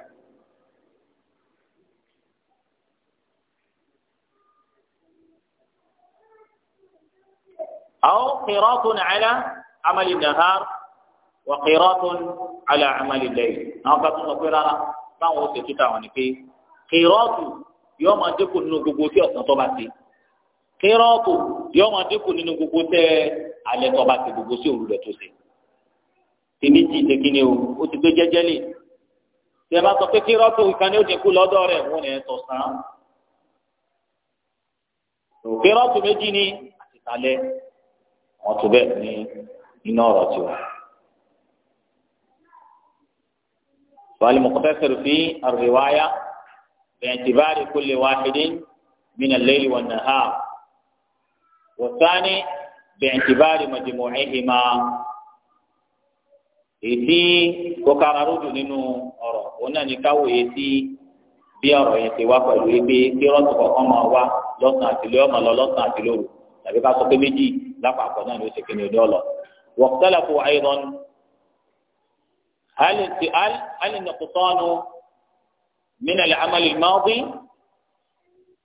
àwọn kìrọ́tò nàìjíríà amali nahar wà kìrọ́tò àlà amali lẹ́yìn àwọn kan tó sọ báwọn oṣù tuntun àwọn ni pé kírọ́ọ̀tù yóò máa dínkù nínú gbogbo tí ọ̀sán tó bá ti kírọ́ọ̀tù yóò máa dínkù nínú gbogbo tẹ́ alẹ́ tó bá ti gbogbo sí òru tó ṣe. tèmi jì ṣe kí ni o ó ti gbé jẹ́jẹ́ lè tẹ bá sọ pé kírọ́ọ̀tù ìkan ni ó dínkù lọ́dọ̀ rẹ̀ wọ́n ní ẹ̀ tọ̀sán. kírọ́ọ̀tù méjì ni àtìsálẹ̀ wọ́n tó bẹ́ẹ̀ ní iná ọ̀rọ̀ tiwọn. والمقتصر في الرواية باعتبار كل واحد من الليل والنهار والثاني باعتبار مجموعهما èsì kókararodo nínú ọ̀rọ̀ òun náà ní káwọ èsì bí ọ̀rọ̀ yẹn ti wá pẹ̀lú ẹgbẹ́ kí rọtù kọ̀ọ̀kan máa wá lọ́sàn àti lóyún ọmọ lọ lọ́sàn àti lóru tàbí ká sọ pé méjì lápapọ̀ náà ló ṣe kéde ọdọ lọ. wọ́pútàlàfọ̀ ayélujára هل السؤال هل النقصان من العمل الماضي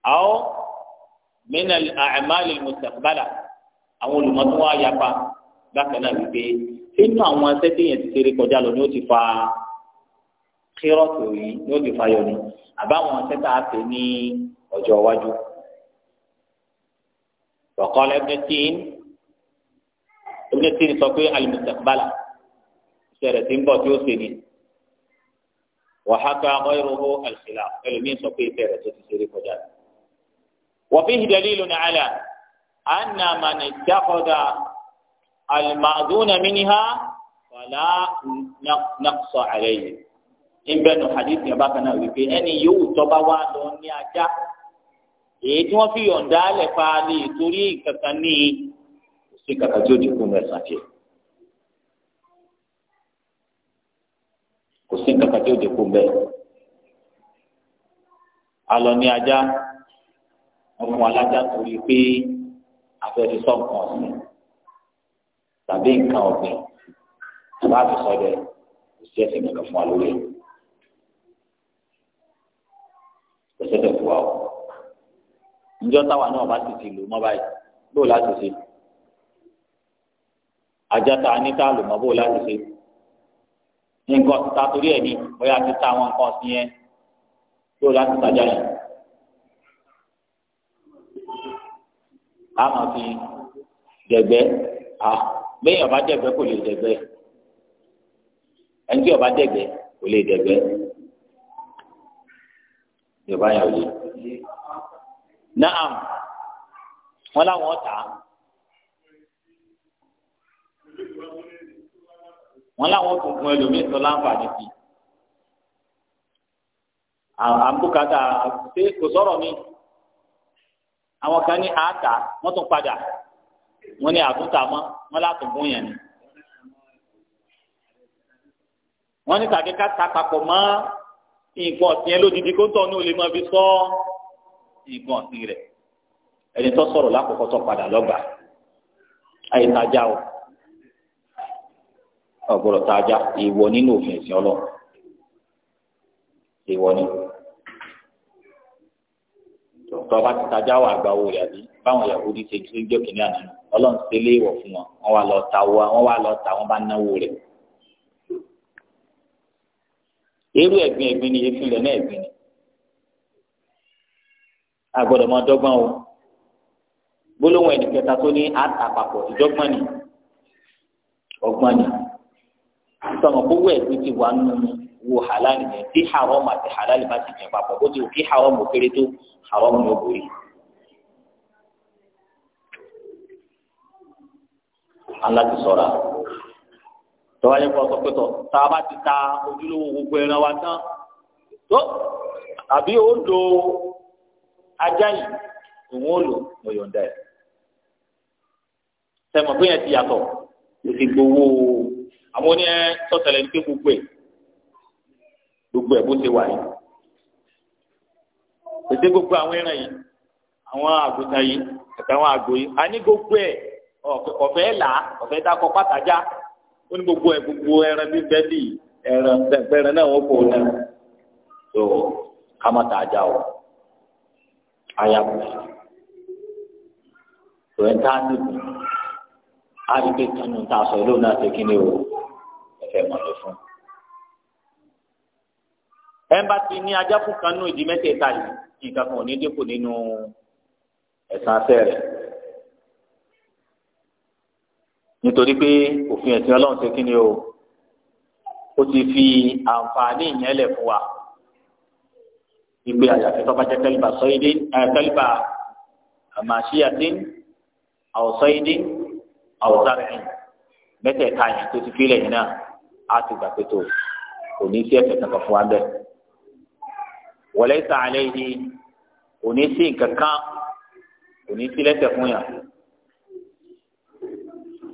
أو من الأعمال المستقبلة أو المطوى يبا لكن أبي inú àwọn asẹ́tí yẹn ti ṣeré kọjá lọ ni ó ti fa kírọ́ọ̀tù yìí ni ó ti fa yọ ni àbáwọn asẹ́tà á pè ní ọjọ́ iwájú. وقال ابن سين ابن سين sọ pé al-mustaqbala. iṣẹ́ rẹ̀ ti ń bọ̀ tí ó ṣe ni wàhákà ọ̀rọ̀ àlùfíà ẹlòmíín sọ pé ìfẹ́ rẹ̀ tó ti ṣeré kọjá rẹ̀. وفيه دليل على أن من اتخذ المأذون منها فلا نقص عليه إن بنو حديث يبقى نوي أني يو تبا وانوني أجا èyí tí wọn fi yọ̀ǹda lẹ̀ fa lè torí kankan ní kò sí kankan tí ó dínkù mẹ́sàn-án tiẹ̀. kankan tí ó dínkù bẹ́ẹ̀ alọ ní ajá wọn fún alájà torí pé afẹ́fẹ́ sọ nǹkan ọ̀sìn tàbí nǹkan ọ̀gbìn tàbí àfẹ́sọ́ rẹ̀ kò sí ẹ̀sìn kankan fún wa lórí ẹ̀ kò sẹ́sẹ̀ fún wa o níjọ́ táwa náà bá ti ti lò mọ́ báyìí bóò láti ṣe ajá ta ní tá a lò mọ́ bóò láti ṣe nǹkan títa torí ẹ̀ ní bóyá títa àwọn nǹkan sí yẹn yóò láti tajà yìí. àmọ́ fi dẹ̀gbẹ́ à lẹ́yìn ọba dẹ̀gbẹ́ kò lè dẹ̀gbẹ́ ẹni tí ọba dẹ̀gbẹ́ kò lè dẹ̀gbẹ́ yorùbá yà wòye. naam wọn làwọn ta. wọn làwọn tó gun ẹlòmíì tó láǹfààní sí i àbúkátà ṣé kò sọ̀rọ̀ mi àwọn kan ní àátà wọ́n tún padà wọ́n ní àtúntà mọ́ wọ́n látùnkún yẹn ni wọ́n ní tàbí ká ta papọ̀ mọ́ nǹkan ọ̀sìn yẹn lódìdí kó tọ̀ ní olè mọ́ fi sọ nǹkan ọ̀sìn rẹ̀ ẹni tó sọ̀rọ̀ lákòókò tó padà lọ́gbà àyè tajà o ọ̀gbọ́dọ̀ tá a já ìwọ nínú òfin ìsìn ọlọ́run ìwọ ni tọ́ bá ti tajà wà gba owó rẹ̀ àbí báwọn Yahudi ṣe ṣe ń jọ kìnìún àná ọlọ́run ṣe lé ìwọ̀ fún wọn wọ́n wá lọ ta wọ́n wọ́n wá lọ ta wọ́n bá náwó rẹ̀. irú ẹ̀gbin ẹ̀gbin ni efi lẹ̀ náà ẹ̀gbin ni a gbọ́dọ̀ máa dọ́gbọ́n o gbólóhùn ẹnìkẹta tó ní àtàpapọ̀ ìdọ́gbọ́n ni ọgbọ́n ni sọmọ kó wẹ̀ ló ti wà nù wo halal yẹn tí haram àti halal bá ti jẹun papọ̀ bó ti wù kí haram ò kéré tó haram ni ó borí. aláti sọ̀ra tọ́wáyé kọ́ sọ pé tọ́ ti ta ojúlówó gbogbo ẹran wa tán tó àbí ó lo ajá yìí òun ó lò mo yọ̀ǹda ẹ̀ sẹ́mọ̀ pé yẹn ti yàtọ̀ o ti gbowó àwọn oní ẹ sọtẹlẹ ní pé gbogbo ẹ gbogbo ẹ bó ṣe wà yìí pèsè gbogbo àwọn ẹran yìí àwọn àgùntàn yìí àtàwọn àgbò yìí a ní gbogbo ẹ ọfẹ là ọfẹ dákọ pátájà ó ní gbogbo ẹ gbogbo ẹran bíi bẹẹlí ẹran ẹran náà wọn kò náà tó kámátà ajá o ayàwó tòun tá a ti bù á rí pé kánú tá a sọ lóun náà ṣe kí ni o fẹ́ mọ̀ lọ fún. ẹnba ti ní ajá fún kan nínú ìdí mẹ́tẹ̀ẹ̀ta yìí nǹkan kan ò ní dínkù nínú ẹ̀san asẹ́ rẹ̀ nítorí pé òfin ẹ̀sìn ọlọ́run ṣe kí ni o ó ti fi àǹfààní ìyẹn lẹ̀ fún wa ìgbé àyàfi tó bá jẹ́ kẹ́líbà sọ́yìndín kẹ́líbà àmàṣíyàdín àwòsọ́yìndín àwòsàrẹ̀yìn mẹ́tẹ̀ẹ̀ta yẹn tó ti fi lẹ̀ yìí náà á ti gbà pé tó kò ní sí ẹ̀ṣẹ̀ kankan fún wa bẹ́ẹ̀ wọlé sàlẹ̀ yìí kò ní sí nǹkan kan kò ní sí lẹ́ṣẹ̀ fún yàn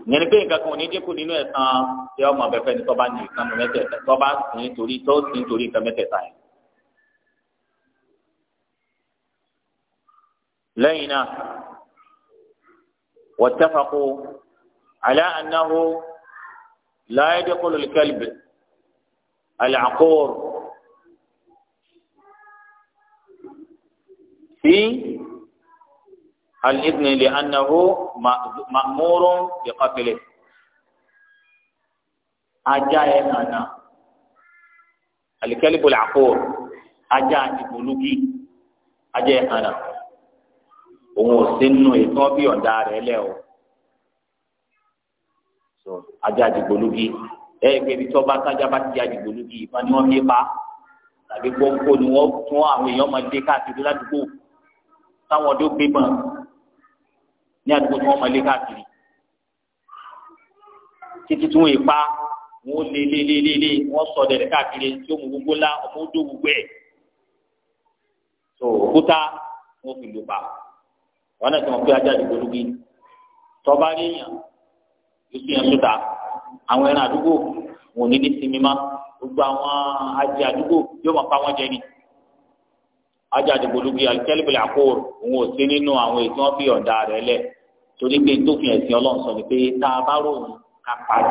nyẹni pé nǹkan kan ò dínkù nínú ẹ̀san tí ọmọ abẹ́fẹ́ ni tọ́ba ní nǹkan mẹ́tẹ̀ẹ̀ta tọ́ba sì ń torí tó sì ń torí nǹkan mẹ́tẹ̀ẹ̀ta yẹn. lẹ́yìn náà wattafaqu ala annahu. لا يدخل الكلب العقور في الإذن لأنه مأمور بقتله أجاي أنا الكلب العقور أجاي بلوكي أجاي أنا òun ò sínú ìtọ́ bí ajá dìgbòlugi ẹ ẹ pé bitọ́ bá sájà bá ti àdìgbòlugi ìbọn ni wọ́n fi pa tàbí gbọ́ngbò ni wọ́n tún àwọn èèyàn máa lé káàkiri ládùúgbò táwọn ọdún gbé mọ̀ ní àdúgbò tí wọ́n máa lé káàkiri títí tí wọ́n yìí pa wọ́n lé lé lé lé lé wọ́n sọ dẹ̀rẹ̀ káàkiri tí ó mú gbogbo la ọmọ ó dó gbogbo ẹ̀ tó òkúta wọ́n fi lù pa wọ́n náà ti mọ̀ pé ajá dìgbòlugi tọ́ba rí yàn lóṣù yẹn tó ta àwọn ẹran àdúgbò wọn ò ní ní sinmi má gbogbo àwọn ajé àdúgbò yóò máa pa wọn jẹ ni ajé àdúgbò ló gbé alikẹ́lẹ́bẹ̀lẹ́ àkóòrò òun ò sí nínú àwọn èyí tí wọ́n fi ọ̀dà rẹ̀ lẹ̀ torí pé tó fi ẹ̀sìn ọlọ́run sọ ni pé tá a bá ròyìn ká parí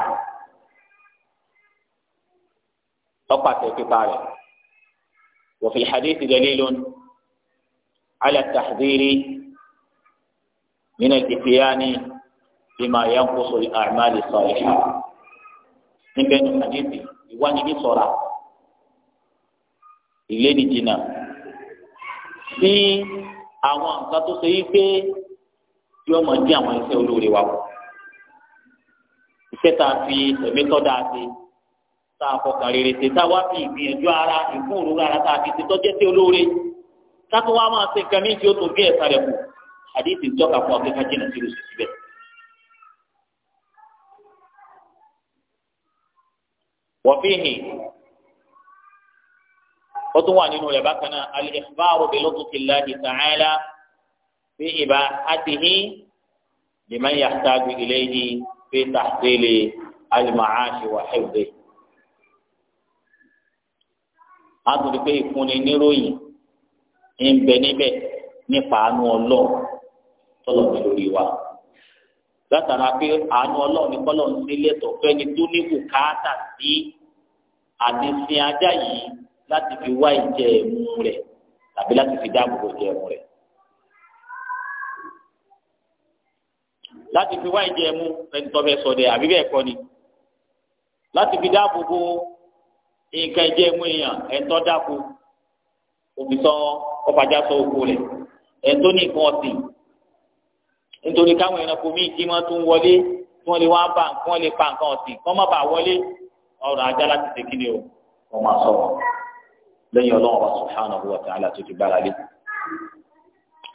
ọ̀pàtẹ pípa rẹ̀ wọ́n fi hadithi dalilun ala tahdhiri min al-ifyani bímọ ayánkoso àmàlẹ sọ̀rọ̀ ìhà níbẹ̀ ní kàdéèdì ìwánibí sọ̀ra ìlérí jìnnà sí àwọn nǹkan tó ṣe yí pé yóò mọ̀ dín àwọn iṣẹ́ olóore wa kù iṣẹ́ tá a fi ẹ̀mí tọ́ da ṣe tá a fọkàn rere ṣe tá a wá fi ìgbìyànjú ara ìfúnru ara tá a fi ṣe tọ́jú ẹsẹ̀ olóore ká tó wá máa ṣe nǹkan méjì ó tó bí ẹ̀ka rẹ̀ kù àdéhìí tọ́ka fún akẹ́kọ̀ọ́ jìnnà sí síbẹ̀. wọ́fíìhì ó tún wà nínú rẹ̀ bákan náà al-ikhbaru bi lutfillahi ta'ala fi ibahatihi liman yahtaju ilayhi fi tahsili al-ma'ashi wa hifdhi. a tún rí pé ìfúnni níròyìn ń bẹ níbẹ̀ nípa àánú ọlọ́ọ̀ tọ́lọ̀ mi lórí wa látara pé àánú ọlọ́run ní kọ́lọ́ ń sílé ẹ̀tọ́ fẹ́ni tó ní bùkátà sí àdìsìn ajá yìí láti fi wá ìjẹ ẹ̀mú rẹ̀ tàbí láti fi dáàbò bò ìjẹ ẹ̀mú rẹ̀. láti fi wá ìjẹ ẹ̀mú fẹ́ni tó fẹ́ sọdẹ àbí bẹ́ẹ̀ kọ́ ni láti fi dáàbò nǹkan ìjẹ ẹ̀mú èèyàn ẹ̀tọ́ dáko òbí sọ ọfàjà sọ òkú rẹ̀ ẹ̀tọ́ ní nǹkan ọ̀sìn nítorí káwọn ẹranko míì tí wọ́n tún wọlé tí wọ́n lè wá bá kí wọ́n lè pa nǹkan ọ̀sìn kí wọ́n má bàa wọlé ọ̀rọ̀ ajá láti ṣe kí ni o wọ́n máa sọ wọn lẹ́yìn ọlọ́run wa subhanahu wa ta'ala tó ti gbára lé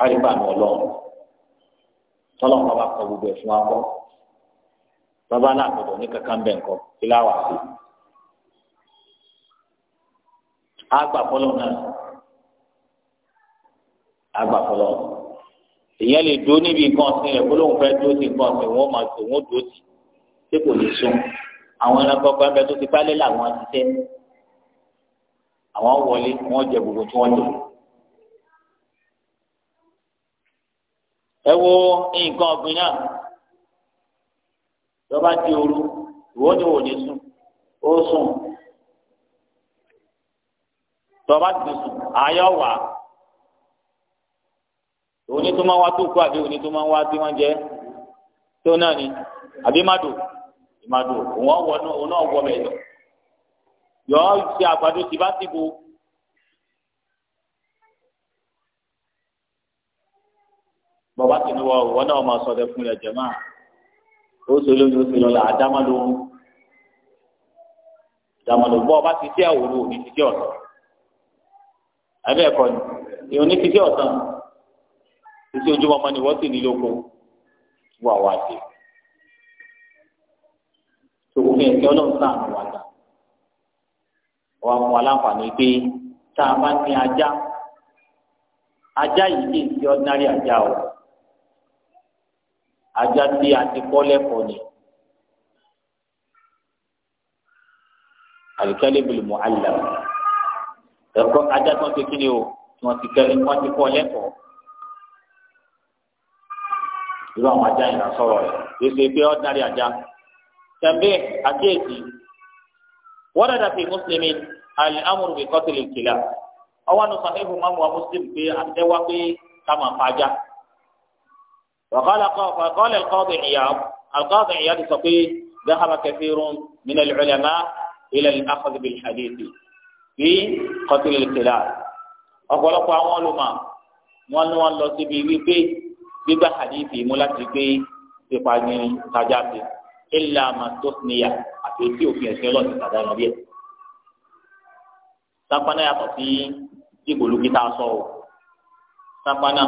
àríbàánu ọlọ́run tọ́lọ́run bá bá kọ gbogbo ẹ̀ fún wa kọ́ bàbá náà gbọdọ̀ ní kankan bẹ́ẹ̀ nǹkan kí láwà sí àgbà fọlọ́ náà àgbà fọlọ́ náà èèyàn lè dúró níbi nǹkan ọ̀sìn rẹ̀ gbólóhùn fẹ́ dúró sí nǹkan ọ̀sìn wọn máa tó wọn dúró sí tí kò lè sùn àwọn ẹranko kan bẹ tó ti pálẹ̀ làwọn ti tẹ́ àwọn wọlé wọn jẹ gbogbo tí wọn jẹ. ẹ wo nǹkan ọ̀gbìn náà lọ́ba di ooru ìwọ ni wò ní sùn ó sùn tọ́ba ti sùn ààyè ọ̀wà òní tó máa wá tó kú àbí òní tó máa wá tí wọ́n jẹ́ tó náà ni àbí má dò má dò òun ọ̀wọ́ náà òun náà wọ bẹ́ẹ̀ lọ yọ ọ́ ṣe àgbàdo tí bá ti bo. bàbá tí ni wọ́n wọ́n náà máa sọ̀rọ̀ fún ilẹ̀ máa ó ṣe lójú ó ṣe lọ́la àdámọ́lóhùn àdámọ́lóhùn bọ́ ọba ti tẹ́ òru òní ti tẹ́ ọ̀sán ẹ̀bẹ́ ẹ̀kọ́ ni ìhun ní ti tẹ́ ọ̀sán títí ojú ọmọ ni wọ́n sì ní lóko wà wá dé tòun yẹn kí ọlọ́run sáànù wá dà wà mú aláǹfààní pé tá a bá ní ajá ajá yìí kì í ṣe ordinary ajá o ajá tí a ti kọ́ lẹ́kọ̀ọ́ ni àlùkálẹ̀ bìlì mọ́ àlà ẹ̀kọ́ ajá tí wọ́n ti kí ni o wọ́n ti kọ́ lẹ́kọ̀ọ́ irú àwọn ajá yìí náà sọ̀rọ̀ rẹ̀ gbèsè pé ọ̀dàrí ajá tẹ̀m̀bẹ́ àkíyèsí wọ́n dàda fi mùsùlùmí al-amru bi qatl al-kilab ọwọ́ nu sàkéfù mọ́mú wa mùsùlùmí pé àtẹ́wá pé ká máa fa ajá. wàkọ́lẹ̀ kọ́ọ̀dù ìyá alkọ́ọ̀dù ìyá ti sọ pé ذهب كثير من العلماء إلى الأخذ بالحديث في قتل الكلاب ọ̀pọ̀lọpọ̀ àwọn olùmọ̀ wọn ni wọ́n lọ síbi wípé gbígbá hadithi mú láti gbé pípa ní tajà sí ilà màtósíníyà àti etí òfin ẹ̀sìn ọlọ́ọ̀tì tàdá ẹ̀rọ bíẹ̀. sápánà yàtọ̀ sí ìgbòlógí tá sọ o sápánà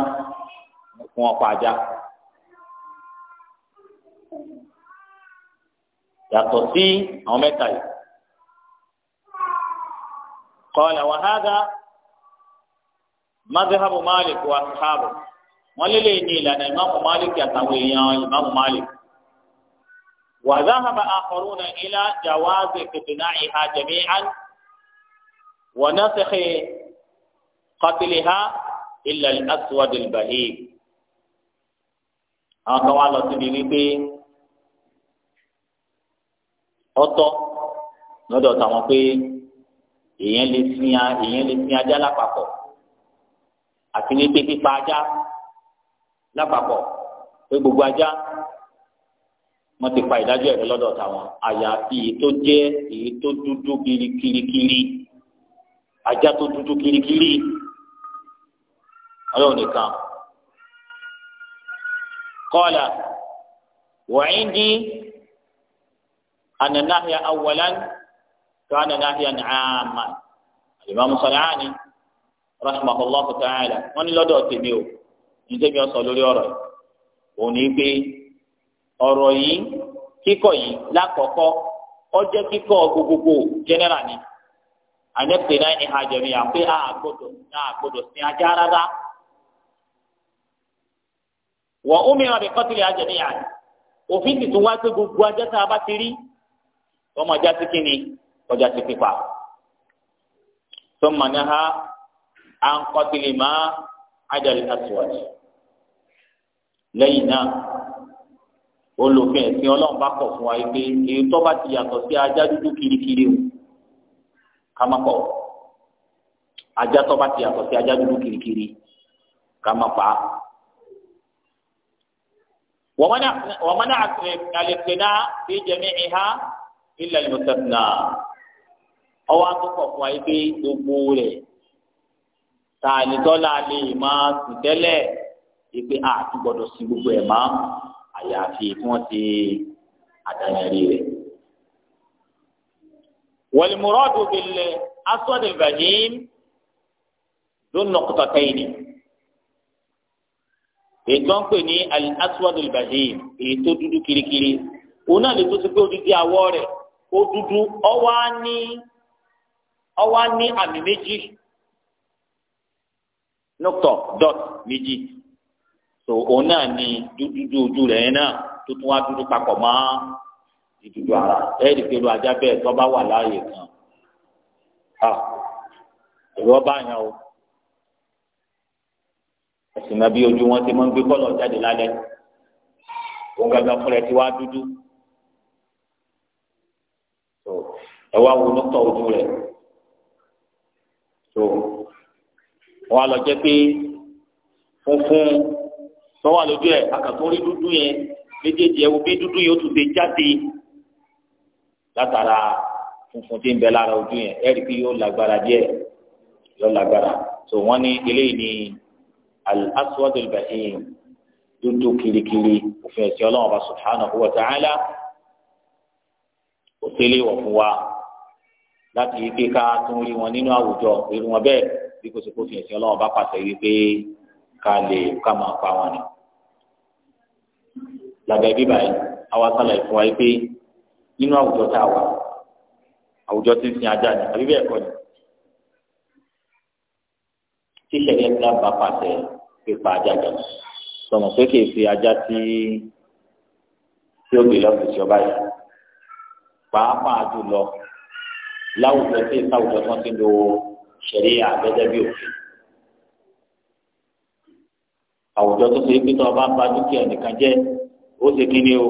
fún ọkọ̀ ajá. yàtọ̀ sí àwọn mẹ́ta yìí. قال وهذا مذهب مالك وأصحابه wọn lélẹ̀ ní ìlànà ìmáàmù Malik àtàwọn èèyàn ìmáàmù Malik. wa dhahaba akharuna ila jawazi kitna'iha jami'an wa nasikhi qatliha illa al-aswad al-bahim. àwọn kan wá lọ síbi wípé ọ̀tọ̀ lọ́dọ̀ táwọn pé èèyàn lè sin ajá lápapọ̀ àti ní pípa ajá lápapọ̀ pé gbogbo ajá wọ́n ti pa ìdájọ́ ẹ̀rí lọ́dọ̀ tàwọn àyàfi èyí tó jẹ́ èyí tó dúdú kirikirikiri ajá tó dúdú kirikiri ọlọ́run nìkan kọ́ọ̀là wọ̀nyí di ananahiya awalan tó ananahiya nàámà alimami sọ̀rọ̀ àní rahmatulah ta'ala wọ́n ní lọ́dọ̀ tèmi o. ìjẹ́bi ọ̀sán lórí ọ̀rọ̀ yìí òun ní ọ̀rọ̀ yìí kíkọ yìí lákọ̀ọ́kọ́ ọjọ́ kíkọ gbogbogbò jẹ́nẹ́rà ni àyẹ̀pẹ̀ náà ní àgbọ̀dọ̀ náà àgbọ̀dọ̀ sí ajá rárá òfin ti tún wá gbogbo ajá tá a bá ti lẹ́yìn náà olùfẹ́ ẹ̀sìn ọlọ́run bá kọ̀ fún wa yìí pé èyí tó bá ti yàtọ̀ sí ajá dúdú kirikiri o kàmákọ̀ ajá tó bá ti yàtọ̀ sí ajá dúdú kirikiri kàmápa. wọ́n mọ́nà àlẹ́sẹ̀nà fi jẹ̀mí ìhá ilẹ̀ ìmọ̀sẹ̀nà ọwọ́ àtúkọ̀ fún wa pé gbogbo rẹ̀ tààlítọ́ la lè máa sùn tẹ́lẹ̀ ipe ah, a ti gbọ́dọ̀ sí gbogbo ẹ̀ máa àyàfi kí wọ́n ti àdáyẹrí rẹ̀. wàlìmúrọ́dù bìlẹ̀ asọ́dìbàjìm ló nà kúta kẹ́yìnì. ètò ń pè ní asọ́dìbàjìm èyí tó dúdú kirikiri òun náà lè tó ti pé odidi àwọ̀ rẹ̀ ó dúdú ọwọ́ á ní ọwọ́ á ní àmì méjì nọ́kítọ̀ dọ́t méjì tó òun náà ni dúdú ojú rẹ̀ yẹn náà tó tún wá dúdú papọ̀ mọ́ ìdúdú ara ẹ̀ẹ́dì pẹ̀lú ajá bẹ́ẹ̀ tó bá wà láàyè kan èrò ọba yẹn o ẹ̀sìn náà bí ojú wọn ti máa ń gbé kọ́lọ̀ jáde lálẹ́ òun gàgà fúnra ẹ̀ ti wá dúdú tó ẹ wá wo nọ́tọ̀ ojú rẹ̀ tó wọn lọ jẹ́ pé funfun sọ́wọ́ lójú ẹ̀ akàtún rí dúdú yẹn méjèèjì ẹ̀wù bí dúdú yẹn ó tún lè jáde látara funfun tí ń bẹ lára ojú yẹn ẹ̀rí pé yóò lágbára díẹ̀ yóò lágbára tó wọ́n ní eléyìí ní al-aswadul bahin dúdú kirikiri òfin ẹ̀sìn ọlọ́run ọba subhanahu wa ta'ala ó tẹ́lẹ̀ wọ̀ fún wa láti yí pé ká tún rí wọn nínú àwùjọ irú wọn bẹ́ẹ̀ bí kò sí kó fi ẹ̀sìn ọlọ́run ọba pàṣẹ yí pé ká lè ká máa pa wọn ni. lábẹ́ bíbá yìí àwa sálàyé fún wa yìí pé nínú àwùjọ tá a wà àwùjọ tí sin ajá ni àbí bẹ́ẹ̀ kọ́ ni. tí ìṣẹ̀lẹ̀ ńlá bá pàṣẹ pípa ajá jẹ sọmọ pé kì í fi ajá tí tí ó gbé lọ́sùn sí ọba yìí pàápàá jùlọ láwùjọ tí ìsáwùjọ tó ń ti lo ṣẹ̀ríà àbẹ́dẹ́ bí òfin àwùjọ tó ṣe pé tó o bá ń ba dúkìá nìkan jẹ́ ó ṣe kí ni o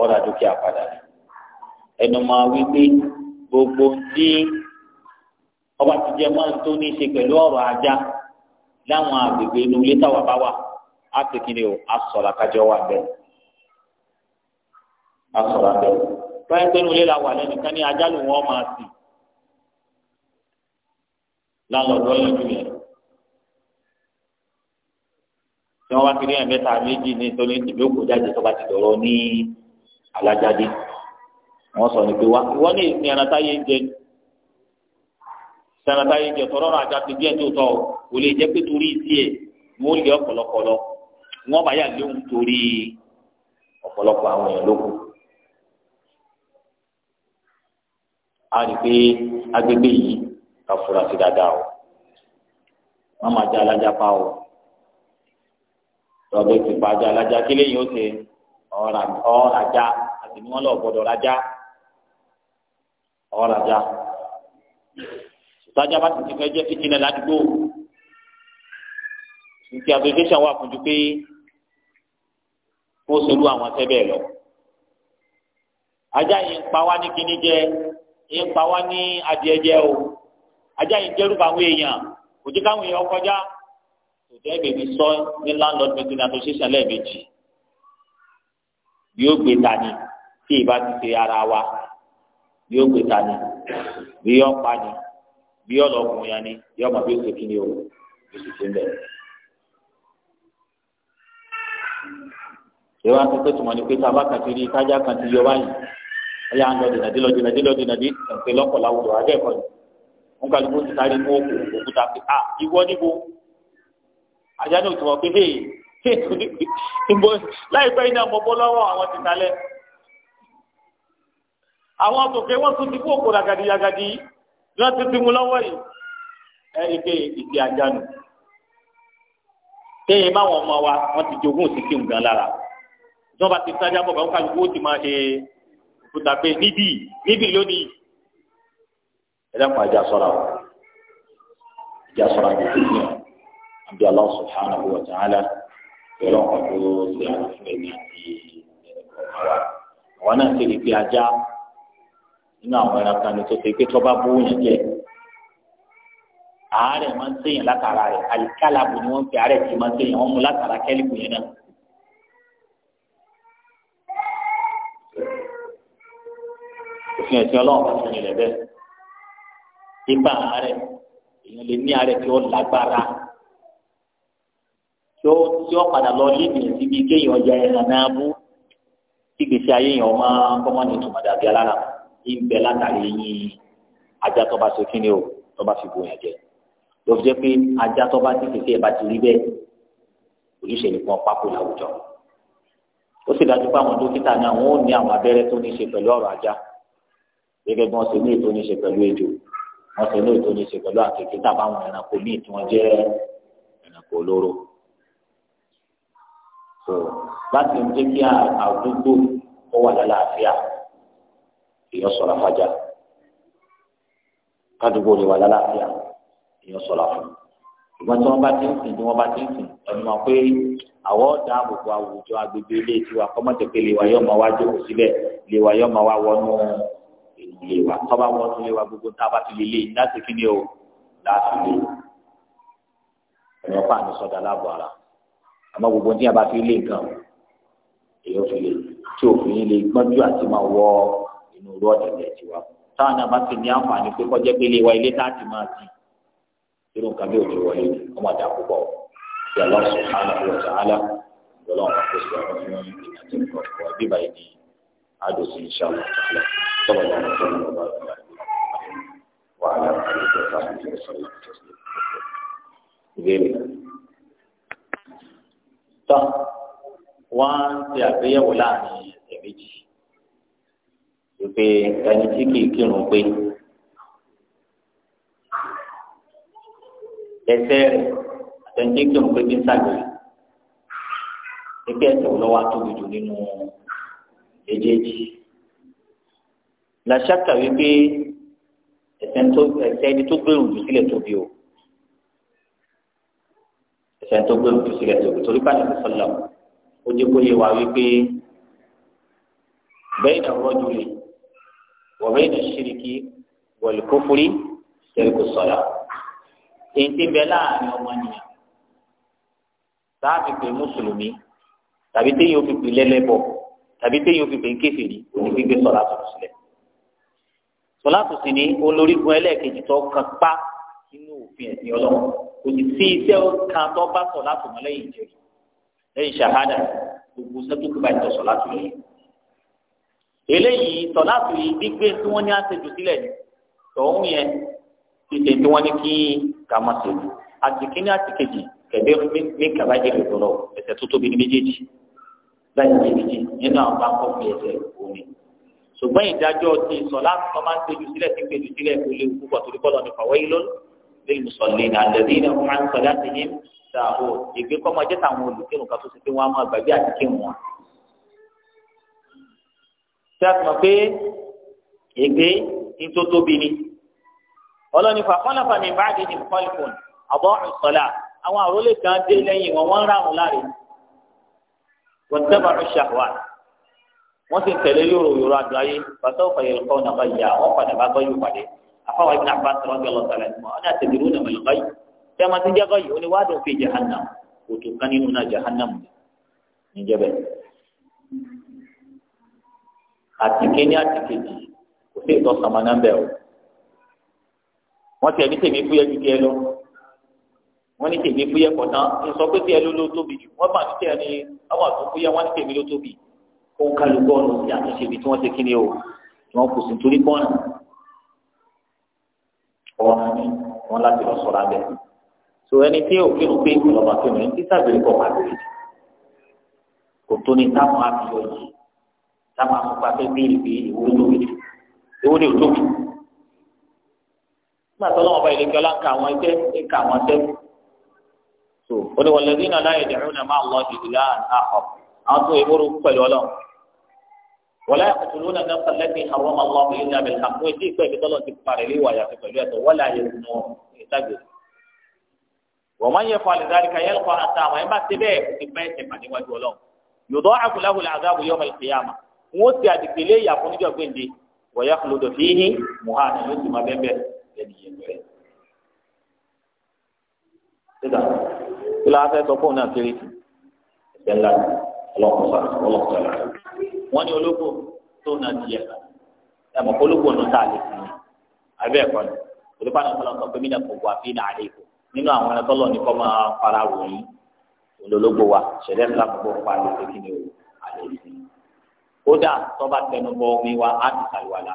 ọ̀rọ̀ àdúkìá padà ni ẹnu máa wí pé gbogbo tí ọba ti jẹ mọ́ tó ní í ṣe pẹ̀lú ọ̀rọ̀ ajá láwọn agbègbè inú ilé táwa bá wà á ṣe kí ni o á sọ̀rọ̀ àkájọ wà bẹ́ẹ̀ á sọ̀rọ̀ àbẹ́ẹ̀ báyìí pé inú ilé la wà lẹ́nìkan ní ajá lòun ọ̀ máa sì lálọ́dún ọ̀yọ́jú yẹn. tí wọ́n wá kiri ẹ̀ mẹ́ta méjì nítorí ìbí òkú jáde tó bá ti dọ̀rọ̀ ní alájáde wọ́n sọ ní pé wá wọ́n ní ìsìn ẹ̀nàtáyé ń jẹ ẹ̀nàtáyé ń jẹ tọ́rọ́ náà àjàpé díẹ̀ tó tọ̀ kò lè jẹ́ pé torí ìsí ẹ̀ wọ́n lé ọ̀pọ̀lọpọ̀lọ wọ́n bá yà léwu torí ọ̀pọ̀lọpọ̀ àwọn èèyàn lókun. a rí pé agbègbè yìí ká fura sí dáadáa o wọ́n máa jẹ́ alájápá o lọ́dún ti bàjá alájà kí lẹ́yìn ó ṣe ọ̀rajà àti ní wọ́n lọ gbọ́dọ̀ rajà ọ̀rajà. sọ́jà bá ti ti fẹ́ jẹ́ fìtínà ládùúgbò nti association wa kun ju pé kó solú àwọn ẹsẹ bẹ́ẹ̀ lọ ajá yìí ń pa wá ní kíní jẹ yìí ń pa wá ní adìẹ jẹ o ajá yìí ń dẹ́rù bá àwọn èèyàn kò jẹ́ káwọn èèyàn kọjá òjò ẹgbẹ̀bí sọ ní landlord meeting association lẹ́ẹ̀mejì yóò gbé tani tí ìbá ti ṣe ara wa yóò gbé tani bí yọ pa ni bí yọ lọ gùn yan ni yọ mọ bí ó ṣe kí ni o bí ó ṣe ṣe ń bẹ. ìwà tó pé tùmọ̀ ni pé tá a bá kàn ti rí kájà kan ti yọ báyìí ẹ̀yà ń lọ dènà dé lọ dènà dé lọ dènà dé ẹ̀pẹ́ lọ́pọ̀ ni nǹkan ló ti sáré mú òkú òkúta pé ah ìwọ níbo ajá ní òtún wọn pé hey ìbò láìpẹ́ iná mọ̀ bọ́ lọ́wọ́ àwọn ti talẹ̀ àwọn tòkè wọn tún ti kú òkò làgàdì yàgàdì yìí wọn ti ti mú lọ́wọ́ yìí ẹ ike ìdí ajá nù téèyàn bá wọn mọ wa wọn ti jogún òsìkí nǹkan lára ìjọba ti sájà bọ̀ báwọn kálukú ó ti máa ṣe òkúta pé níbí níbí lónìí ẹlẹ́kùn ajá sọ́ra o ìjà sọ́ra kò tó yàn àbí Allah subhanahu wa ta'ala yọrọ kan tó ṣe àlùfẹ́ ní àti ọ̀gá àwọn náà ti rí i pé ajá nínú àwọn ẹranko ni tó ṣe pé tó bá bú yẹn jẹ àárẹ̀ máa ń ṣèyàn látara rẹ̀ àlìkálàbù ni wọ́n ń pè àárẹ̀ máa ń ṣèyàn wọ́n mú látara kẹ́líkù yẹn náà. òfin ẹ̀sìn ọlọ́run bá fún ilẹ̀ bẹ́ẹ̀ nípa àárẹ̀ èèyàn lè ní àárẹ̀ tí ó lágbára tí ó tí ó padà lọ lídìí ẹ̀ síbi kéèyàn ọjà ẹ̀ràn náà bú ìgbésí ayé yẹn ọmọ kọ́mọ́nì tòmọ̀ dàbí alára ìbẹ̀ látàrí yín ajá tó bá ṣe kí ni o tó bá fi bò yẹn jẹ ló fi jẹ́ pé ajá tó bá ti fèsì ẹ̀ bá ti rí bẹ́ẹ̀ ojúṣe nìkan pákó láwùjọ ó sì dájú pé àwọn dókítà náà wọn ò ní àwọn abẹ́rẹ́ tó ní ṣe pẹ̀lú ọ̀rọ̀ ajá gẹ́gẹ́ bí wọ́n ṣe ní ètò ní ṣe pẹ̀lú ejò wọ́n ṣe ní ètò ní ṣe pẹ̀lú àkèké tàbáwọn ẹranko míì tí wọ́n jẹ́ ẹranko olóró tó láti ń jẹ́ kí àdúgbò ó wà lálàáfíà èèyàn sọ̀rọ̀ afájà kádùgbò lè wà lálàáfíà èèyàn sọ̀rọ̀ afọ ìgbọ́n tí wọ́n bá ti ń sìn tí wọ́n bá ti ń sìn ẹnu mọ̀ pé àwọ̀ ọ̀dà àbùkù àwùjọ agbègbè ilé tiwa kọ́mọ̀tẹ̀ pé lè wà yọ̀ mọ̀ wá jókòó síbẹ̀ lè wà yọ̀ mọ̀ wá wọnú ilé wa tọ́ba wọnú ilé wa gbogbo tá a bá ti lè lé láti kí ni o láti lè ẹ̀yọ́ pàmì sọ̀dà láàbọ̀ ara àmọ́ gbogbo ní abá fi lé nǹkan èyí ò fi lè tí òfin lè gbọ́njú àti máa wọ inú rú ọ̀dẹ̀dẹ̀ tiwa táwọn náà bá ti ní àǹfààní pé kọjá pé ilé wa ilé tá a ti máa ti irú nǹkan bí òjò wọlé ọmọ àdá púpọ̀ bí Allah subhanahu wa ta'ala lọ́wọ́ àwọn akóso àwọn fún ìrìnàjò nǹkan fún wa bíbá yìí ní àdòsí inshallah ta'ala tọ́wọ́ lọ́wọ́ tó ń lọ bá ọ̀gá wàhálà àti ìjọba àti ìjọba ìbéèrè náà tọ́ wọ́n ṣe àgbéyẹ̀wò láàrin ẹ̀sẹ̀ méjì wípé ẹni tí kì í kírun pé ẹsẹ̀ rẹ̀ àtẹni tí kírun pé kí ń ṣàgbèrè ẹgbẹ́ ẹsẹ̀ lọ́wọ́ tóbi jù nínú méjèèjì làṣàkà wípé ẹsẹ̀ ẹni tó gbèrú jù sílẹ̀ tóbi o sẹ́ni tó gbé ojú sílẹ̀ tó torí bá nàbí sọ́lá ó jẹ́ kó yẹ wá wípé bẹ́ẹ̀ náà rọ́jú lè wọ́n bẹ́ẹ̀ náà ṣíríkì wọ̀lì kófúrí sẹ́ríkù sọ́lá èyí tí bẹ láàrin ọmọnìyàn sáàfì pé mùsùlùmí tàbí téyìn ó fi pè lẹ́lẹ́bọ̀ tàbí téyìn ó fi pè kéfìrí òní gbígbé sọ́lá tó sílẹ̀ sọ́lá tó sì ní olórígun ẹlẹ́ẹ̀kejì tó kan pa nínú òfin ẹ̀sìn ọlọ́run kò ní sí iṣẹ́ kan tó bá sọ láti mọ́ lẹ́yìn ìjẹ́rì lẹ́yìn ṣàhádà gbogbo iṣẹ́ tó kú bá ìtọ̀sọ̀ láti lẹ́yìn. eléyìí tọ̀ láti gbígbé tí wọ́n ní àṣejù sílẹ̀ tọ̀hún yẹn títẹ̀ tí wọ́n ní kí kàmọ́ sí i àti kíní àti kejì kẹ̀dẹ́ mi kàbá jẹ́ kẹ̀kọ́ lọ ẹ̀ṣẹ̀ tó tóbi ní méjèèjì láì jẹ́ nínú àwọn bá ti sọ láti tọ́ máa ń tẹ́jú sílẹ̀ tí ń tẹ́jú sílẹ̀ kó léwu للمصلين الذين هم عن صلاتهم ساهون ìgbé kọ́mọ jẹ́ táwọn olùkírun kan tó ti pé wọ́n á máa gbàgbé àti kírun wọn. ṣé a mọ̀ pé ègbé tó tóbi ni ọlọ́ni fàkọ́nàfà ní báàgì ní kọ́lìfọ̀n àbọ̀ ìsọ̀lá àwọn àrólé kan dé lẹ́yìn wọn wọ́n ń ráhùn láre wọ́n tẹ́bà ń ṣàwà wọ́n sì tẹ̀lé yòrò yòrò àdó ayé pàṣẹ òfàyè ìkọ́ ọ̀nà bá yà wọ́n padà bá gbọ́ yóò pàdé afọwọ́ ibùdó àbá sọ̀rọ̀ bí ọlọ́sà rẹ̀ mọ́ ọ́nà àtẹ̀dúró nà mọ̀ lọ́yì tẹ́ ẹ máa ti jẹ́kọ̀ yìí ó ní wádùn fi jahannam òtò kan nínú náà jahannam níjẹ́ bẹ́ẹ̀. àtìké ní àtìké jì kò sí ìtọ́ sàmánà bẹ́ẹ̀ o wọ́n tiẹ̀ ní tèmi fúyẹ́ ju tiẹ̀ lọ wọ́n ní tèmi fúyẹ́ pọ̀ tán ń sọ pé tiẹ̀ ló ló tóbi jù wọ́n bá tiẹ̀ ní àwọn àtúnfúyẹ́ wọ́n ní tèmi ló tóbi kó kálukọ́ ọ̀nà ìyàtọ̀ ọ̀nà ni wọ́n láti lọ sọ̀rọ̀ abẹ́ so ẹni tí òkè ń pé ìlọ́mà tó ní ti sábẹ̀rẹ̀ kọ̀ pàtẹ́lẹ̀ kò tó ní táwọn àfihàn yìí táwọn afọ́pá fẹ́ bí ìrìbí ìwúrò lóbi jù ewu ni òtó kù nígbà tó lọ́wọ́ bá ilé kíọ́lá ń ka àwọn ẹgbẹ́ ń ka àwọn ẹgbẹ́ so olùwọ̀lẹ́dínà láyé dẹ̀rù náà máa lọ ìdílé àhọ̀ àwọn tó ìwúrò pẹ̀lú ọlọ́run wala yaqtuluna nafsa allati harrama Allahu illa bil haqq wọ́n ti pẹ́ ibi tọ́lọ́ ti parí ilé ìwà yàtọ̀ pẹ̀lú ẹ̀tọ́ wala yaznu ìtàgé wa man yaf'al dhalika yalqa athama ẹ̀ bá ti bẹ́ẹ̀ ti pẹ́ ẹ̀sẹ̀ pàdé ọlọ́run yudha'afu lahu al-'adhabu yawm al wọ́n ti àdìgbélé ìyàfọ́ níjọ́ gbèǹde wa wọ́n ní ológbò tó nà tiẹ̀ ẹ̀mọ̀ kó ológbò nù tá a lè fún un abẹ́ ẹ̀kọ́ ni olùkọ́ àti ọ̀sán ọ̀sán gómìnà kò wá fi dàdé nínú àwọn ẹ̀rọ tọ́lọ̀ ní kọ́ fara wò yín olólógbò wa ṣẹlẹ̀ ìlàkùnkọ̀ pa lè fi kí ni o àlè sí kódà tọ́ba tẹnu bọ wa á ti sàlùwàlà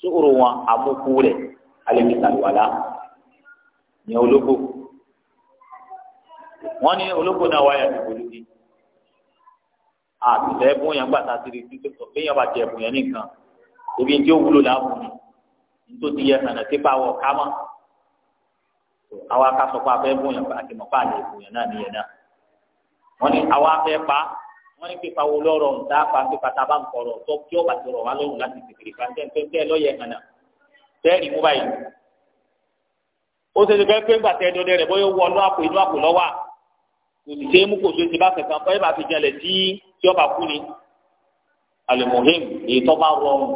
sóòrò wọn amókú rẹ̀ á lè fi sàlùwàlà ní ológbò wọ́n ní ológbò náà wáyà ní olùdí àtìlẹ ẹbùn yẹn gbàtà sí rí títí tó kéèyàn bá jẹ ẹbùn yẹn nìkan ebi tí ó wúlò láàbùn ni nítorí ti yẹ hànà tí pa wọ kámọ àwa ká sọ pé abẹ bùn yẹn àti mọ pàdé bùn yẹn náà nìyẹn náà wọn ní àwa fẹ́ pa wọn ní pípa wo lọrọ ńdá pa pípa tá a bá ń kọrọ tó kí ọba ti rọ wá lọ́rùn láti tètè pa tẹ́ńtẹ́ lọ́yẹ̀ hànà tẹ́ẹ̀rì mú báyìí ó ṣe ti fẹ́ pé gbàtẹ́ ẹ̀dọ́dẹ rẹ̀ bóyá ó wọ inú àpò inú àpò lọ́wọ́ kò sì ṣe é mú kò sí ti bá kẹ̀kẹ́ bá fi jẹlẹ̀ sí tí ọba kú ni alimohim èyí tó bá rọrùn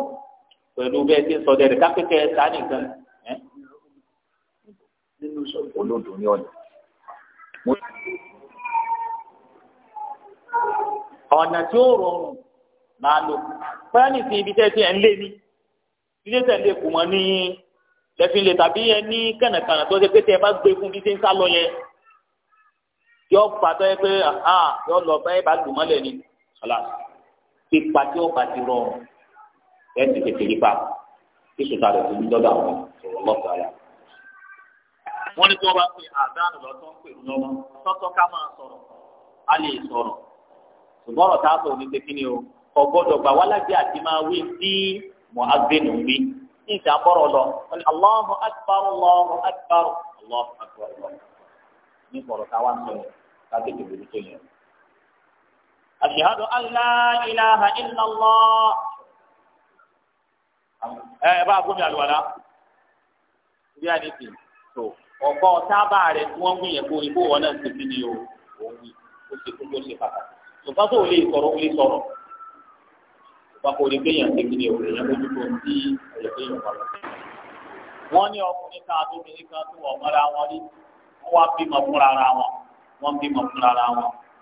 pẹ̀lú bẹ́ẹ̀ tí ń sọ dẹ́rẹ́ kápẹ́kẹ́ ta nìkan. nínú sọ̀rọ̀ olódò ní ọ̀nà. ọ̀nà tí ó rọrùn máa lò bóyá nìsín ibi tẹ́ ẹ ti ẹ̀ ń lé ní ilé tẹ̀ lè kù mọ́ ní lẹ́fínlé tàbí ẹ ní kànàkànà tó ṣe pé tẹ́ ẹ bá gbé fún bí ṣe ń sá lọ yẹn yọ fàtọ́ yẹ pé yọ lọ bá ẹ bá lù mọ́lẹ̀ ni. ọlá pípa tí ó bá ti rọrùn ẹ̀ ti tètè yípa kí sùtà rẹ̀ ti ń dọ́dọ̀ àwọn sọ̀rọ̀ lọ́sọ̀ àyà. pe a lè sọ̀rọ̀ ṣùgbọ́n ọ̀tá o ọgbọ́dọ̀ gbà wá lájẹ́ àti máa wí sí mọ̀ágbénu wí ní ìjàmbọ̀rọ̀ lọ أشهد أن لا إله إلا الله ẹ bá gómìnà àlùwàlá bí a ní ti tó ọgbọ sábà rẹ tí wọn gbìyànjú kó ibò wọn náà ti fi ni o òun ó ṣe pàtàkì tó lè lè lè o èèyàn lójú tó ń tí ẹ̀yẹ gbéyàn wà lọ. wọ́n ní ọkùnrin kan àtòmìnrin kan tó wọ̀ mọ́ra wọn wọ́n wá bímọ fúnra wọn wọ́n bímọ fúnra wọn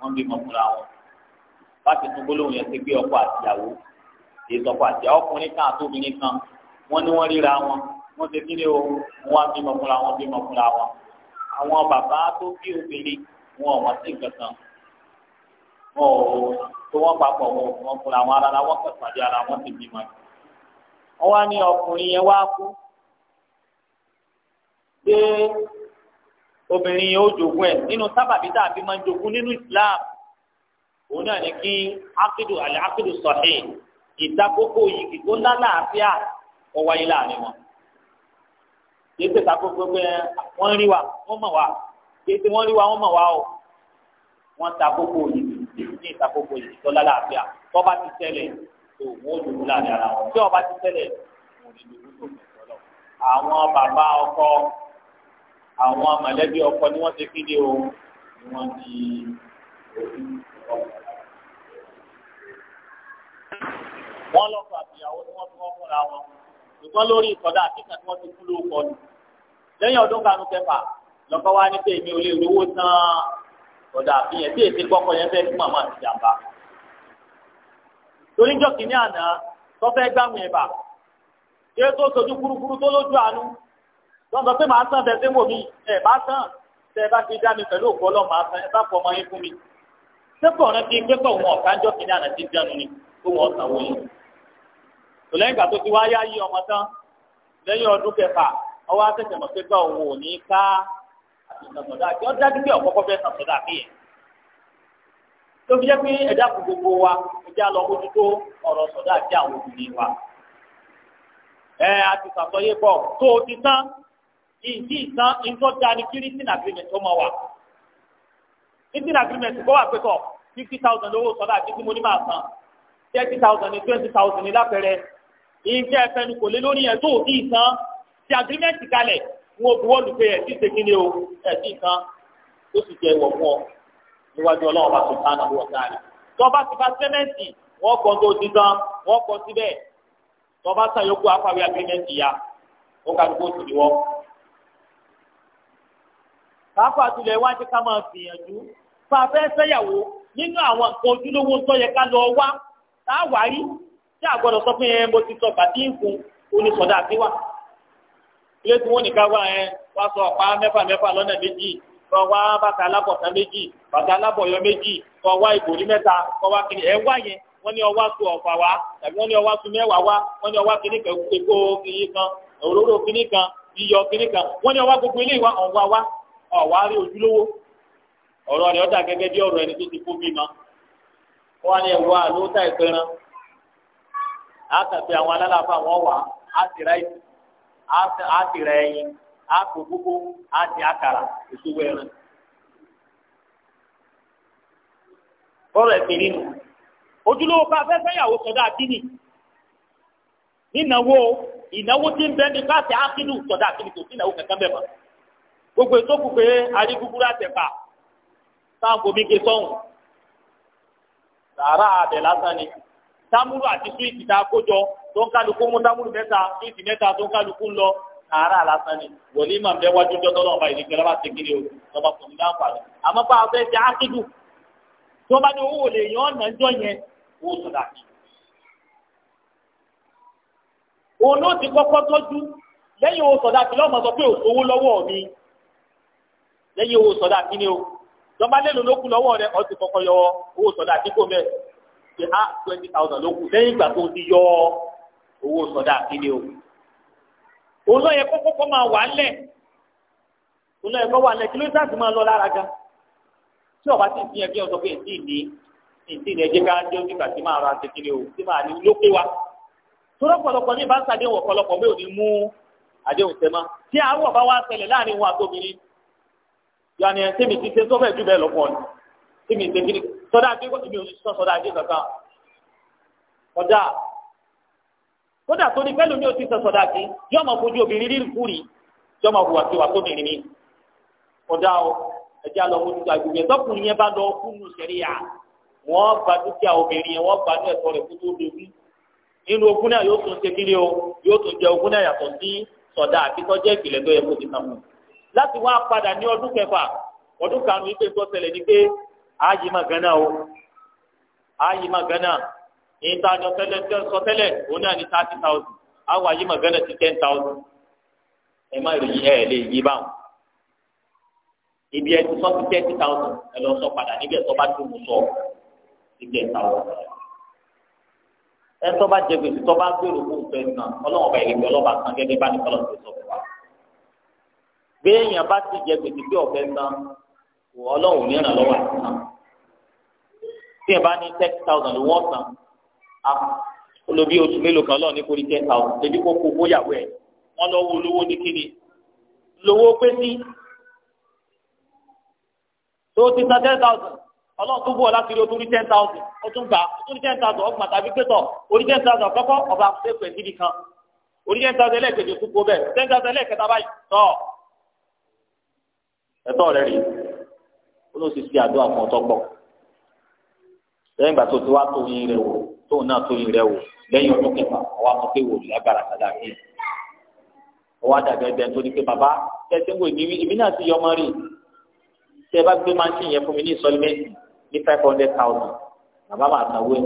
wọ́n bímọ fúnra wọn. láti tún gbólóhùn yẹn ti gbé ọkọ àtìyàwó ìsọkọ àtìyàwó ọkùnrin kan àtòbìnrin kan wọ́n ní wọ́n ríra wọn wọ́n ti kí ni o wọ́n á bímọ fúnra wọn bímọ fúnra wọn àwọn bàbá tó bí obìnrin wọn ò wọ́n sí nǹkan kan wọn ò tó wọ́n papọ̀ wọn ò wọ́n fúnra wọn ara wọn kẹsàn-án di ara wọn ti bímọ wọ́n wá ní ọkùnrin yẹn wá kú pé obìnrin yẹn ó jogún ẹ̀ nínú sábàbí tá máa ń jogún nínú Islam òun náà ní kí akidu àlẹ akidu sọhí ìdákókò yìí kí tó ńlá láàfíà ọwáyé láàrin wọn kí ẹsẹ takókò pé wọn rí wa wọn mọ wa kí ẹsẹ wọn rí wa wọn mọ wa o wọn takókò yìí ní ìtakókò yìí tó ńlá láàfíà tọba ti ṣẹlẹ̀ tó wọn ò lòlú láàrin ara wọn tí ọba ti ṣẹlẹ̀ àwọn bàbá ọkọ àwọn mọ̀lẹ́bí ọkọ ni wọn ti kéde o ni wọn ti òfin. wọ́n lọ́kọ̀ àtìyàwó tí wọ́n fi wọ́n fúnra wọn ṣùgbọ́n lórí ìkọ̀dá àtìkà tí wọ́n ti kú lóko ni lẹ́yìn ọdún karùn kẹfà lọ́kọ́ wá ní pé èmi ò lè rówó tán ọ̀dà àfihàn tí èsì gbọ́kọ̀ yẹn fẹ́ fún màmá àti jàmbá torí jọ kìíní àná tó fẹ́ gbàmù ẹ̀bà kí ó tó sojú kúrúkúrú tó lójú àánú wọ́n sọ pé màá tán bẹ́ẹ̀ sẹ́wọ̀n mi ẹ̀ bá tán tẹ́ ẹ bá ti dá mi pẹ̀lú òkú ọlọ́mọ àtàn ẹ bá fọ ọmọ yín fún mi sẹ́kọ̀ọ́ rẹ ti gbẹ́kọ̀ wọn ọ̀ká kìíní àná ti dánú ni tó wọn ọ̀sán wọ̀nyí tó lẹ́yìn ìgbà tó ti wáyá ọmọ tán lẹ́yìn ọdún kẹfà ọwọ́ àtẹ̀tẹ̀ mọ̀ pé gbà òun ò ní ká àtìsọ̀tọ̀dá kí wọ́n dájú pé ọ̀kọ́kọ́ fẹ́ sọ̀tọ̀dá bí tó fi jẹ́ pé ẹ̀dá kù gbogbo wa ẹ̀dá lọ ọ̀rọ̀ sọ̀dá àti àwọn obìnrin wa. ẹ àti tó o ti tán ìdí ìtàn ni tó kọ́ wà fifty thousand owó sọ̀dá àti tí mo ní máa ìjẹ́ ẹ̀fẹ́nu kò lé lórí ẹ̀ tó ò tí ì san ti agirimẹ́ǹtì kalẹ̀ ń wo buwọ́lù pé ẹ̀ tí ì ṣe kíni o ẹ̀ tí ì san ó sì jẹ́ ìwọ̀ fún ọ níwájú ọlọ́run bá tó tán àwọn ọ̀tá rẹ̀ tọ́ba ti fa sẹ́mẹ́ǹtì wọ́n kọ́ tó ti san wọ́n kọ́ síbẹ̀ tọ́ba sàyókù afáwí agirimẹ́ǹtì ya ó ká gbogbo tì ní wọ́n. pàápàá tulẹ̀ wá ti ká máa gbìyànjú fún afẹ́ sẹ́yàwó nínú àwọn nǹkan ojúlówó sọ yẹ ká lọ wá táwárí tí a sọ fún yẹn bó ti sọ bàtí ìfún onísọdá àti wà ilé tí wọn nìkan wá yẹn wá sọ ọ̀pá mẹ́fà mẹ́fà lọ́nà méjì kọ wá bàtà alábọ̀tán méjì bàtà alábọ̀yọ méjì wá ìbòrí mẹ́ta kọ wá kiri ẹ̀ wá yẹn wọ́n ní ọwá tu ọ̀fà wá tàbí wọ́n ní ọwá tu mẹ́wàá wá wọ́n ní ọwá kiri kan ọ̀wá wá ọ̀wá rí ojúlówó ọ̀rọ̀ àtàgbé àwọn alálàáfà wọn wà àtìrà ìsìn àtìrà ẹyin àpò gbogbo àti àkàrà èso wẹrẹ. ọ̀rọ̀ ẹsẹ nínú ojúlówó pa afẹ́fẹ́ ìyàwó sọ̀dá àdínì nínáwó ìnáwó tí ń bẹ ní káàtì ákínú sọdá àdínì kò sí ìnáwó kankan bẹ́ẹ̀ mọ́ gbogbo ètò kù pé arígúgúrú táwọn kò tamuru àti súwìtì tá a kójọ tó ń kálukú mú támúrù mẹ́ta súwìtì mẹ́ta tó ń kálukú lọ àárà lásán ni wòlíì máa ń bẹ wájú ọjọ́ tọ́lọ́ ọba ìdíkẹ́ lọ́ba ti kiri o lọ́ba kò ní àmọ́ bá a fẹ́ ṣe ákídù tó bá ní owó lè yan ọ̀nà jọ yẹn ó dàbí. òun ló ti kọ́kọ́ tọ́jú lẹ́yìn sọ pé lọ́wọ́ mi lẹ́yìn owó sọ̀dá kí ni o rẹ kọ́kọ́ yọ owó sọ̀dá kí kò pé á ah, twenty thousand ló kù lẹ́yìn ìgbà tó ti yọ owó sọdá kíni o òun náà yẹ kókó kó máa wà lẹ̀ òun náà yẹ kó wà lẹ̀ kí ló dáàbò máa lọ lára gan tí ọba ti fi ẹgbẹ́ ọ̀sọ́ pé èdè ní èdè ní ẹjẹ́ ká jẹ́ onígbà tí máa ra ṣe kíni o tí máa ní lókè wa tọ́lọ́ pọ̀lọpọ̀ ní ìbáṣà déhùn ọ̀pọ̀lọpọ̀ bí ò ní mú àdéhùn tẹ́mọ́ tí àárọ̀ bá wá ṣẹlẹ̀ láàrin wọn àtòmìnirin yọ̀ọ̀nì ẹ̀ tẹ́mi sọdá àti kò tìbí oṣù sàn sọdá àti kankan kọjá kódà tó ní pẹ́lú mi ò ti sàn sọdá àti yóò máa fojú obìnrin rírì kúrì yóò máa hùwà sí wà tóbìnrin ni kọjá o ẹjẹ́ àlọ́ mójútó àgbègbè tọkùnrin yẹn bá lọ kúnnù sẹ́ríyà wọ́n gba dúkìá obìnrin yẹn wọ́n gba ní ẹ̀tọ́ rẹ̀ kó tó dogun nínú ogún náà yóò tún ṣe kíni o yóò tún jẹ ogún náà yàtọ̀ sí sọ̀dá àti tọ́jẹ́ ìpìlẹ̀ tó yẹ kó ti sàn láti wá padà ní ọdún kẹfà ọdún karùn-ún ipe ni pé a yìí máa o a yìí máa gánà èyí tá a jọ tẹ́lẹ̀ sọ tẹ́lẹ̀ òun náà ní thirty thousand a wà yìí máa gánà sí ten thousand ẹ má rí ẹ lè yí báwọn ibi ẹ ti sọ sí thirty thousand ẹ lọ sọ padà níbi ẹ sọ bá tó mú sọ sí ten thousand ẹtọ́ bá jẹ gbèsè tọ́ bá gbèrò kó o fẹ́ san ọlọ́run ọba ìrìnkè ọlọ́ba san gẹ́gẹ́ bá ní kọ́lọ́ ti sọ fún wa. béèyàn bá ti jẹ gbèsè pé ọ̀fẹ́ san ọlọ́run ní ìrànlọ́wọ́ àti san tí ẹ bá ní ten thousand wọ́n san olóbi oṣù mélòó kan lọ́ọ̀ ní kórìí ten thousand ṣebí kó kó bóyàwó ẹ̀ wọ́n lọ́wọ́ olówó ní kíni lówó pé sí tó ti san ten thousand ọlọ́run tó bú ọ láti rí o tún rí ten thousand o tún gbà o tún rí ten thousand ọgbà tàbí pétọ̀ orí ten thousand kọ́kọ́ ọba pépè síbi kan orí ten thousand ẹlẹ́ẹ̀kejì kúkú bẹ́ẹ̀ ten thousand ẹlẹ́ẹ̀kẹta báyìí tọ́ ẹ̀tọ́ rẹ̀ rèé ó ló sì fi àdúrà fún ọtọ́ pọ̀ lẹ́yìn ìgbà tó ti wá tóyin rẹ̀ wò tóun náà tóyin rẹ̀ wò lẹ́yìn ọdún kẹfà ọwọ́ àmọ́ pé wò lágbára sàdá kí ọwọ́ àdàgbẹ́ ẹgbẹ́ tó ní pé bàbá tẹ̀sí wò ní ibi náà ti yọ ọmọ rí tẹ bá gbé máṣín yẹn fún mi ní ìsọlímẹ́ǹtì ní five hundred thousand bàbá máa sanwó ẹ̀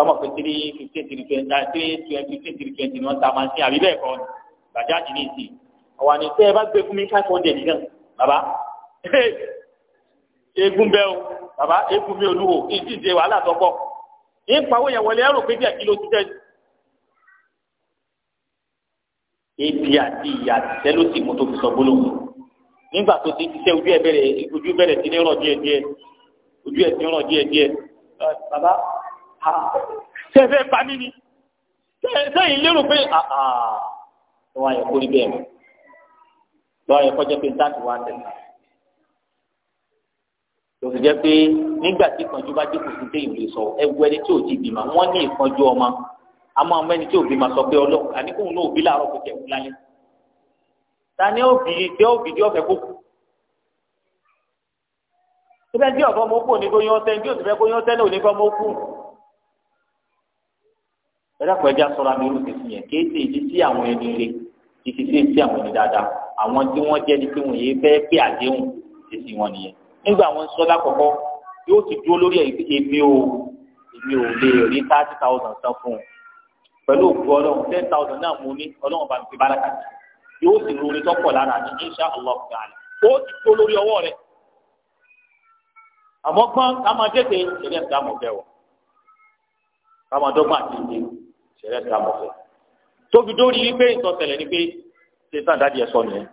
ọmọ pé three fifteen three twenty three twenty fifteen three twenty ni wọ́n ta máṣín àbí bẹ́ẹ̀ kọ́ bàjáde ní ìsìn ọ̀wà ní tẹ́ ẹ bá gbé fún mi five hundred náà bàbá eégún bẹ́ẹ̀ o bàbá eégún mi olúwo ìdí ìdè wàhálà tó pọ̀ yín pawó yẹn wọlé ẹrù pé díẹ̀ kí ló ti jẹ́ ebi àti ìyá àtìsẹ́ ló sì mú tó fi sọ gbólóhùn nígbà tó ti ṣiṣẹ́ ojú ẹ bẹ̀rẹ̀ ojú bẹ̀rẹ̀ sí ní rọ̀ díẹ̀díẹ̀ ojú ẹ̀ sí ń rọ̀ díẹ̀díẹ̀ bàbá ṣe fẹ́ pa mí ni sẹ́yìn lérò pé àà wọ́n á yẹ kórìí bẹ́ẹ̀ mọ́ lọ́yẹ kọjá pé ntáàtì wá tẹ̀lé lọ́sọ̀ jẹ́ pé nígbà tí ìkànjú bá dínkù sí dé ìlú sọ ẹgbẹ́ ẹni tí ò ti bímọ wọ́n ní ìkànjú ọmọ àmọ́ ọmọ ẹni tí ò bímọ sọ pé ọlọ́run àníkùn náà òbí làárọ̀ kò tẹ̀wé lálẹ́ tani òbí tí òbí tí ọ̀fẹ́ kó kù síbẹ̀ tí ọ̀fọ́ mọ́kù ní kó yán ọ́sẹ́ ní tí òsì fẹ́ kó yán ọ́sẹ́ náà ní kó mọ́kù ẹ̀dá pẹ̀já sọ̀rọ̀ àmì orúkọ sí yẹn kéésì àwọn tí wọ́n jẹ́ ní pé wọ́n yé fẹ́ pé àdéhùn èsì wọn nìyẹn nígbà wọn sọ lákọ̀ọ́kọ́ yóò ti dúró lórí èmi o èmi ò lè rí thirty thousand san fún un pẹ̀lú òkú ọlọ́run ten thousand náà mo ní ọlọ́run bá mi fi bára kàdé yóò sì lórí tọ́pọ̀ lára ní insha allah ta'ala ó ti dúró lórí ọwọ́ rẹ̀ àmọ́ gbọ́n ká máa tètè ṣẹlẹ̀ ká mọ̀ fẹ́ wọ̀ ká máa dọ́gbọ́n àti ìdè ṣẹlẹ̀ ká tóbi dórí wípé ìtọ́sẹ̀lẹ̀ ni pé ṣe tán dáadé ẹ sọ nìyẹn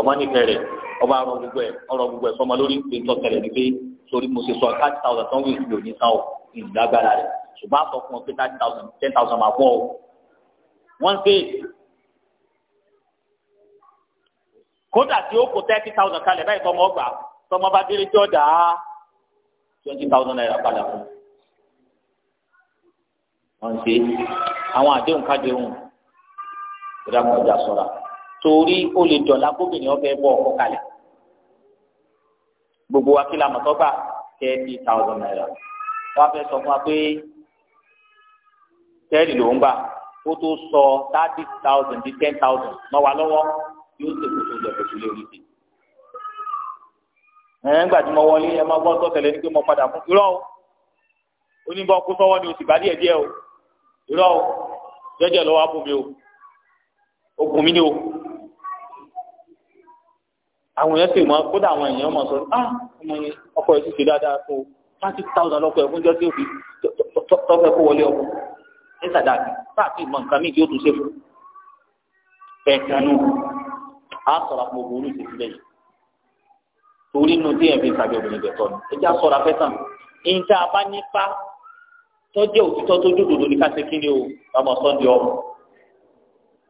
ọmọ nífẹ̀ẹ́ rẹ̀ ọba ọ̀rọ̀ gbogbo ẹ̀ ọ̀rọ̀ gbogbo ẹ̀ sọmọ lórí pé tó tẹ̀lé ni pé torí mo ṣe sọ thirty thousand tó ń wí ìlú ní sáwọ ìlágbára rẹ̀ ṣùgbọ́n àtọ̀ fún ọ pé thirty thousand ten thousand máa pọ̀ o wọ́n ṣe kódà tí ó kó thirty thousand kalẹ̀ báyìí tọmọ ọgbà tọmọ bá délé tí ó dà á twenty thousand naira padà fún wọ́n ṣe àwọn àdéhùn kájọ ohun ìdá kan ọjà sọra torí ó lè dọ̀la gómìnà ọbẹ̀ bọ̀ ọkọ kalẹ̀ gbogbo wa kí thirty thousand naira wọ́n fẹ́ sọ fún wa pé tẹ́ẹ̀lì ló ń gbà kó tó sọ thirty thousand di ten thousand mọ́ wa lọ́wọ́ yóò ṣe kó tó jẹ kó tó lè rí i ẹ̀ẹ́n gbà tí mo wọlé ẹ máa gbọ́ sọ́tẹ̀lẹ́ ní pé mo padà fún irọ́ o oníbọ̀ kó sọ́wọ́ ni o sì bá díẹ̀ díẹ̀ o irọ́ o jẹ́jẹ́ lọ́wọ́ abúmi o ogun mi ni o àwọn èèyàn sì mọ kódà àwọn èèyàn mọ sọ ah ọmọ yẹn ọkọ yẹn ti ṣe dáadáa tó twenty thousand lọkọ ẹkún jọ tí o fi tọfẹ kó wọlé ọkọ ní sàdáàkì sáàtì mọ nǹkan míì tí ó tún ṣe fún bẹ́ẹ̀ kanú a sọ̀rọ̀ àpò ògbó olùsè sílẹ̀ yìí torí inú tí yẹn fi ń sàbẹ obìnrin bẹ́ẹ̀ tọ ni ẹ jẹ àsọ̀rọ̀ afẹsàn ìyìntà abánípa tọjẹ òtítọ́ tó dòdòdò ní ká ṣe kí ni o bàbá sọ di ọrùn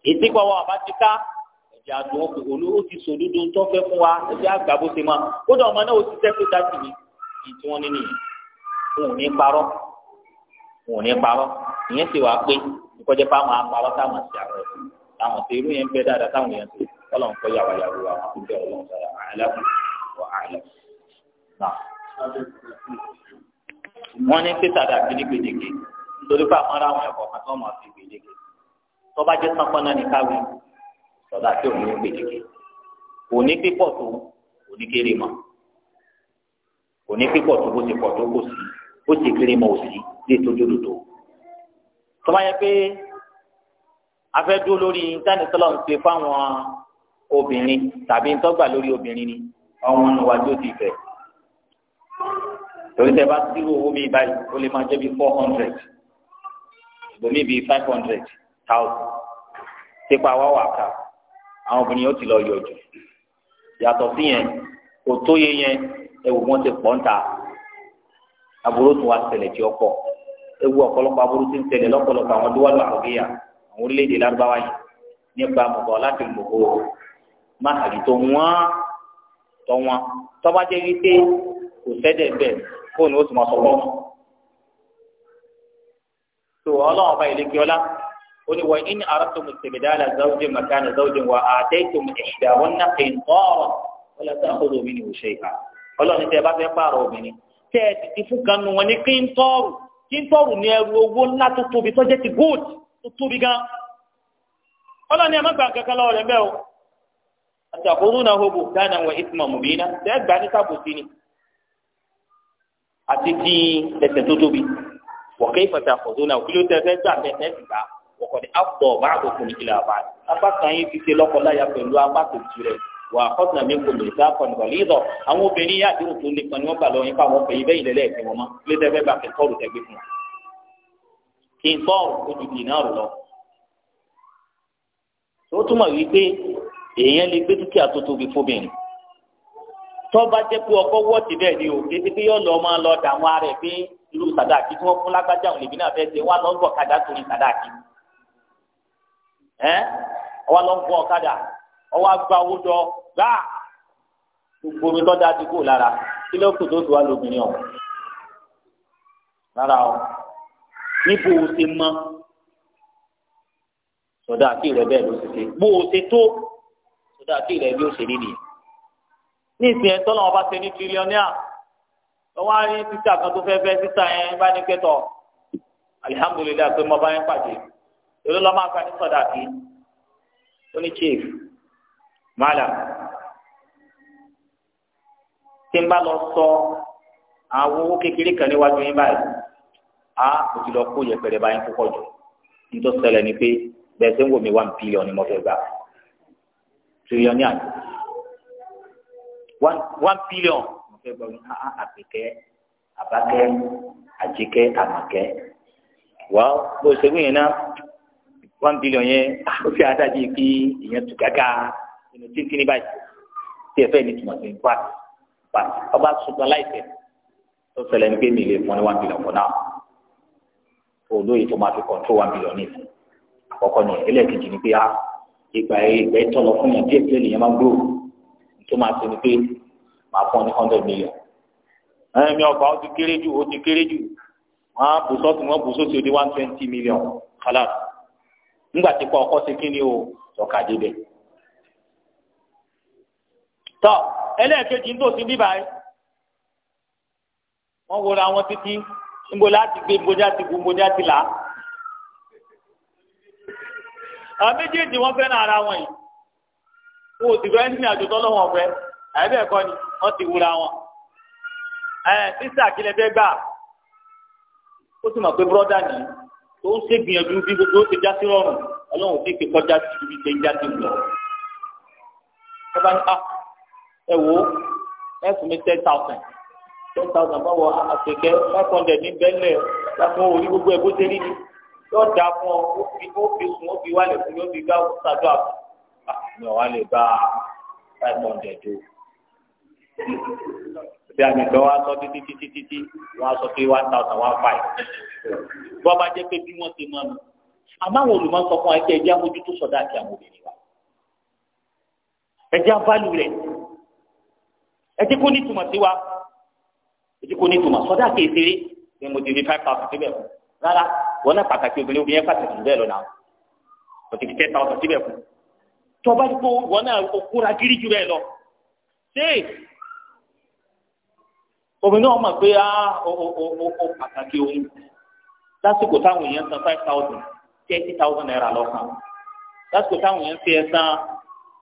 ìdíkọ̀ wa bá ti ká ẹ̀jẹ̀ àdùn òkè olówó ti sòdodo tó fẹ́ fún wa ẹ̀jẹ̀ àgbà bó ṣe máa kódà ọmọ náà ó ti tẹ́ pé dájú mi kì í tí wọ́n ní nìyí wọn ò ní parọ́ wọn ò ní parọ́ ìyẹn ti wà pé ìkọjẹ́ pa máa parọ́ táwọn ti àwọn ẹ̀sìn táwọn ti irú yẹn ń bẹ dáadáa táwọn yẹn ti ọlọ́run kọ́ yàwá yàwó wa wọn kò bẹ́ ọlọ́run sọ àlàkù wọ àlẹ́ náà. wọ́n ní pé sàdà kí ní gbèdéke nítorí àwọn ẹ̀kọ́ kan tó máa fi gbèdéke tọ́ba jẹ́ sápọ́nà ní káwé sọ̀dá tí òun ní gbèdéke òní pípọ̀ tó òní kéré mọ́ òní pípọ̀ tó bó ti pọ̀ tó kò sí ó ti kéré mọ́ òsì lé tójú lòdò tọ́ba yẹ pé afẹ́dúró lórí táni sọ́lọ́ ń ṣe fáwọn obìnrin tàbí ntọ́gbà lórí obìnrin ni ọ̀hún wa tó ti fẹ̀ torí tẹ bá sírò owó mi báyìí ó lè máa jẹ́ bí four hundred ìbomi bíi five hundred thousand tipa wa wà ká àwọn obìnrin yóò ti lọ yọjú yàtọ̀ sí yẹn kò tó yẹ yẹn ẹwù wọn ti pọ̀ ń ta aburú tún wa ṣẹlẹ̀ tí ọkọ̀ ewu ọ̀pọ̀lọpọ̀ aburú ti ń ṣẹlẹ̀ lọ́pọ̀lọpọ̀ àwọn duwalu àròbíyà àwọn orílẹ̀-èdè lárúbáwá yìí nípa mọ̀gbọ́ láti mọ̀gbọ́ má àbí tó wọ́n tọ́ wọn tọ́ba jẹ́ wípé kò sẹ́dẹ̀ bẹ́ẹ̀ fóònù ó sì máa sọ tó ọlọ́run ọba ìlẹ́kẹ́ قل وإن أردتم استبدال زوج مكان زوج وآتيتم إحداهن قنطارا ولا تأخذوا منه شيئا Ọlọ́run tẹ́ bá fẹ́ pààrọ̀ obìnrin tẹ́ ẹ ti fún kanu wọn ní kíntọọrù kíntọọrù ní ẹrù owó ńlá tó tóbi tó jẹ ti gold tó tóbi gan Ọlọ́run ẹ má gbà kankan lọ́wọ́ rẹ̀ bẹ́ẹ̀ o أتأخذونه بهتانا وإثما مبينا tẹ́ gbà ní sábòsí ni àti ti ẹ̀ṣẹ̀ tó tóbi وكيف تأخذونه kí ló tẹ́ fẹ́ gbà bẹ́ẹ̀ tẹ́ sì gbà á ọkọdé afọ báàbò kùn ìlà àbá apá kan yín ti ṣe lọ́kọláya pẹ̀lú apá kejì rẹ̀ wà kọsìnà mi kò lè sá kọni kọni yìí lọ àwọn obìnrin yá àdéhùn tó lè pọn ní wọn gbà lọ yín fáwọn ọkọ yìí bẹ́ẹ̀ ìlẹlẹ ẹsẹ wọn mọ ilé tẹfẹ bá fi tọrù tẹgbẹ fún wa kí n tọrù ojú di náà rò lọ. tó túmọ̀ wípé èèyàn lè gbé dúkìá tó tóbi fóbìnrin tọ́ba jẹ́ pé ọkọ wọ́ ti bẹ́ẹ̀ ni o kété pé yóò lọ máa lọ dàwọn ará ẹ̀ pé irú sàdáàkì tí wọ́n fún lágbájá òun lèmi náà fẹ́ ṣe wá lọ́wọ́ kàdá torí sàdáàkì ẹ ọwọ́ lọ ń bọ ọ̀kadà ọwọ́ owó jọ gbogbo omi da ti kú lára kí ló kù tó tó wá lóbìnrin ọ̀hún mọ sọdọ àti rẹ bẹ́ẹ̀ ló ti ṣe bó o ti tó sọdọ àti bí o ṣe nìyí ní ìsìn ẹ̀tọ́ làwọn bá ṣe ní tírílíọ̀nìà lọ́wọ́ kan tó fẹ́ fẹ́ títà yẹn bá ní mo bá yẹn pàdé èló lọ́ máa gba ní sọ̀dà bíi ó ní chief mala tí n bá lọ sọ àwọn owó kékeré kan níwájú yín báyìí a kò ti lọ kó yẹpẹrẹ báyìí púpọ̀ jù nítorí ṣẹlẹ̀ ni pé bẹ́ẹ̀ sẹ́ ń wò mí one billion ni mo fẹ́ gbà tírílíọ̀nì àná one billion mo fẹ́ gbà wọ́n á ah, ah, àpèkẹ́ àbákẹ́ àjíkẹ́ àmọ̀kẹ́ wọ́n bó ṣe wíyẹn náà one billion yẹn ah, ó fi àdájì kí ìyẹn tù gàgà inú kíkiri báyìí tí ẹ fẹ́ ní tùmọ̀ sí ní pàt pàt ọba sùpà láìpẹ́ tó ṣẹlẹ̀ ní pé mi lè fún ní one billion for now olóyè tó máa fi control one billion ní ìsìn àkọ́kọ́ ni ẹlẹ́ẹ̀kejì ni pé a ah, ìgbà ìgbà ìtọ́lọ fún yàn díẹ̀ díẹ̀ nìyẹn máa ń gbòòrò tó máa ṣe ni pé máa fún ní hundred million ẹ̀mí ọba ó ti kéré jù ó ti kéré jù wọ́n á bù sọ́ọ̀tún wọ́n bù sọ́ọ̀tún di one twenty million kálá ńgbà tí kò sí kíni o sọ̀kà débẹ̀. tọ́ ẹlẹ́ẹ̀kejì tó ti bíbá yìí wọ́n wọra wọn títí ńbo láti gbé ńbodá ti gun ńbodá ti là àwọn méjèèjì wọ́n fẹ́ràn ara wọn yìí wọn ò sì fẹ́ ní àjò tọ́lọ́wọ́n fẹ́ àyẹ̀bẹ̀ ẹ̀kọ́ ni wọ́n ti wúra wọn. ẹ sísà kílẹ̀ fẹ́ gbà ó sì mọ̀ pé bọ́dà nìyí tó ń ṣègbìyànjú bí gbogbo ó ti já sí rọrùn ọlọ́run sì ké kọjá sí ibi tẹ́ ń já sí lọ. ọba ní a ah, ẹ wo ẹ fún mi ten thousand ten thousand báwo àtẹ̀kẹ́ five hundred ní bẹ́ẹ̀lẹ̀ láti wọ́n orí gbogbo ẹ̀ bó ṣe rí ni yóò dá fún ọ ó fi sùn ó fi wálé fún mi ó fi gbá sàdó àpò àmì ọ̀wá lè bá five hundred o bí àgbẹ̀gbẹ̀ wa sọ títí títí títí wọ́n á sọ pé one thousand one five bọ́ bá jẹ́ pé bí wọ́n ti mọ́ mi àmọ́ àwọn olùmọ̀ sọ fún wa ẹ̀jẹ̀ ẹ̀jẹ̀ amójútó sọ̀dá àti àwọn obìnrin wa ẹ̀jẹ̀ aválù rẹ̀ ẹ̀jẹ̀ kó ní ìtumọ̀ sí wa ẹ̀jẹ̀ kó ní ìtumọ̀ sọ̀dá àti ìṣeré ni mo ti di five thousand síbẹ̀ fún rárá wọn náà pàtàkì obìnrin obìnrin pàtàkì jù bẹ́ẹ̀ lọ náà mo ti di ten thousand síbẹ̀ fún tọ́ba dípò wọn náà obìnrin náà mọ̀ pé á ah, ó pàtàkì òun lásìkò táwọn èèyàn san five thousand thirty thousand naira lọ́sàn lásìkò táwọn èèyàn fi ẹ̀sán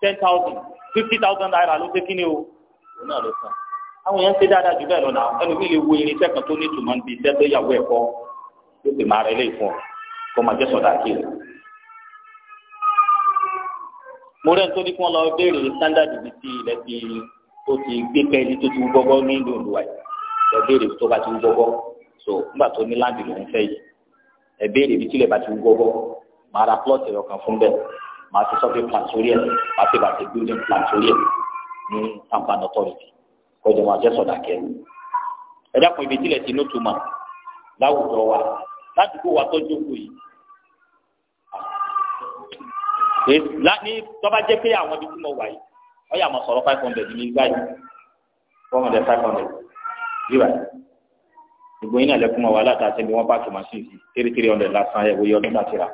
ten thousand fifty thousand naira ló ṣe kí ni o òun náà ló san àwọn èèyàn ṣe dáadáa jù bẹ́ẹ̀ lọ náà ẹnu mi lè wo irinṣẹ́ kan tó ní ìtumọ̀ níbi iṣẹ́ tó yàwó ẹ̀kọ́ ló sì máa rẹ ilé ìfún ọ kó máa jẹ́ sọ̀dà kí o. mo rẹ́ nítorí kí wọ́n lọ béèrè standard ibi tí ilẹ̀ ti tó ti gbé kẹ́lí tó ti wú gbọ́gbọ́ ní ìlú òǹdùwà yìí ẹ béèrè tó bá ti ń gbọ́gbọ́ so nígbà tó ní láǹdì ló ń fẹ́ yìí ẹ béèrè bí tílẹ̀ bá ti ń gbọ́gbọ́ màá ra plọ́ọ̀tì rẹ̀ kan fún bẹ́ẹ̀ màá ti sọ́fì plan sórí ti bàtẹ̀ building plan sórí ẹ̀ ní tampan authority kọjá máa jẹ́ sọ̀dà kẹ́ ẹ dákun ibi tílẹ̀ ti nótùmá láwùjọ wa ládùúgbò wa tó jókòó yìí ní tọ́ba jẹ́ pé àwọn ibi tí mo wà yìí wọ́n yà máa sọ̀rọ̀ five hundred ní gbáyìí four hundred five hundred yíwa gbogbo yín náà lẹkùn mọ wàhálà tá a ṣe ni wọn bá tó machine sí three three hundred lásán ẹ wòye ọdún láti rà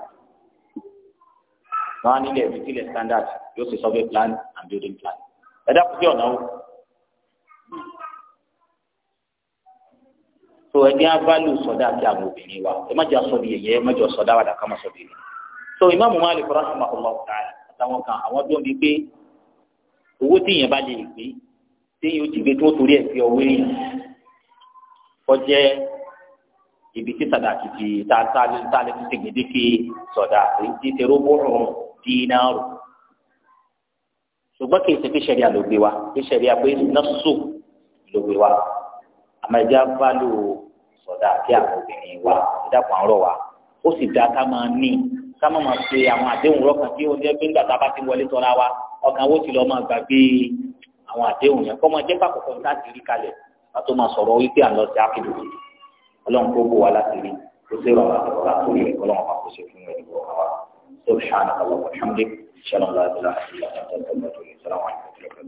wọn á nílẹ̀ ẹ̀mí standard yóò ṣe survey plan and building plan ẹ dákun sí ọ̀nà o tó ẹni abálù sọdá àti àwọn obìnrin wa ẹ má jẹ́ sọdí ẹ̀yẹ ẹ má jẹ́ sọdá wàdà ká má sọdí ẹ̀yẹ so ìmáàmù Malik rahimahullah ta'ala àtàwọn kan àwọn tó ń bi pé owó tí èèyàn bá lè gbé téèyàn ó ti gbé tó torí ẹ̀ fi ọwọ́ èèyàn kọjẹ ibi tí sadaki ti ta taali taali ti segedeke sọdá ti tẹ rúbúrú dínárù ṣùgbọ́n kì í ṣe pé sẹ̀ríà ló gbé wa pé sẹ̀ríà pé nọ́ọ̀sù ló gbé wa àmọ́ ẹja bá lò sọ̀dà àti àwọn obìnrin wa ìdàpọ̀ àárọ̀ wa ó sì dáa ká máa ní ká má máa ṣe àwọn àdéhùn rọ́kàn tí o ní ẹgbẹ́ nígbà tá a bá ti wọlé tọ́ra wa ọkàn wo ti lọ́ọ́ máa gbàgbé àwọn àdéhùn yẹn kọ́ máa jẹ́ pàkókò láti rí kalẹ̀ kátó máa sọ̀rọ̀ wípé à ń lọ sí ákìlù ọlọ́run kó bò wá láti rí kó sí ìrọ̀lá ìrọ̀lá tó yẹ ọlọ́run máa kó ṣe fún ẹni wọ̀ wá sọ́ọ̀ṣà náà lọ́wọ́ ṣàmúlẹ̀ ṣẹlẹ̀ ọ̀la ìlà ìlà ìlà ìlà ìlà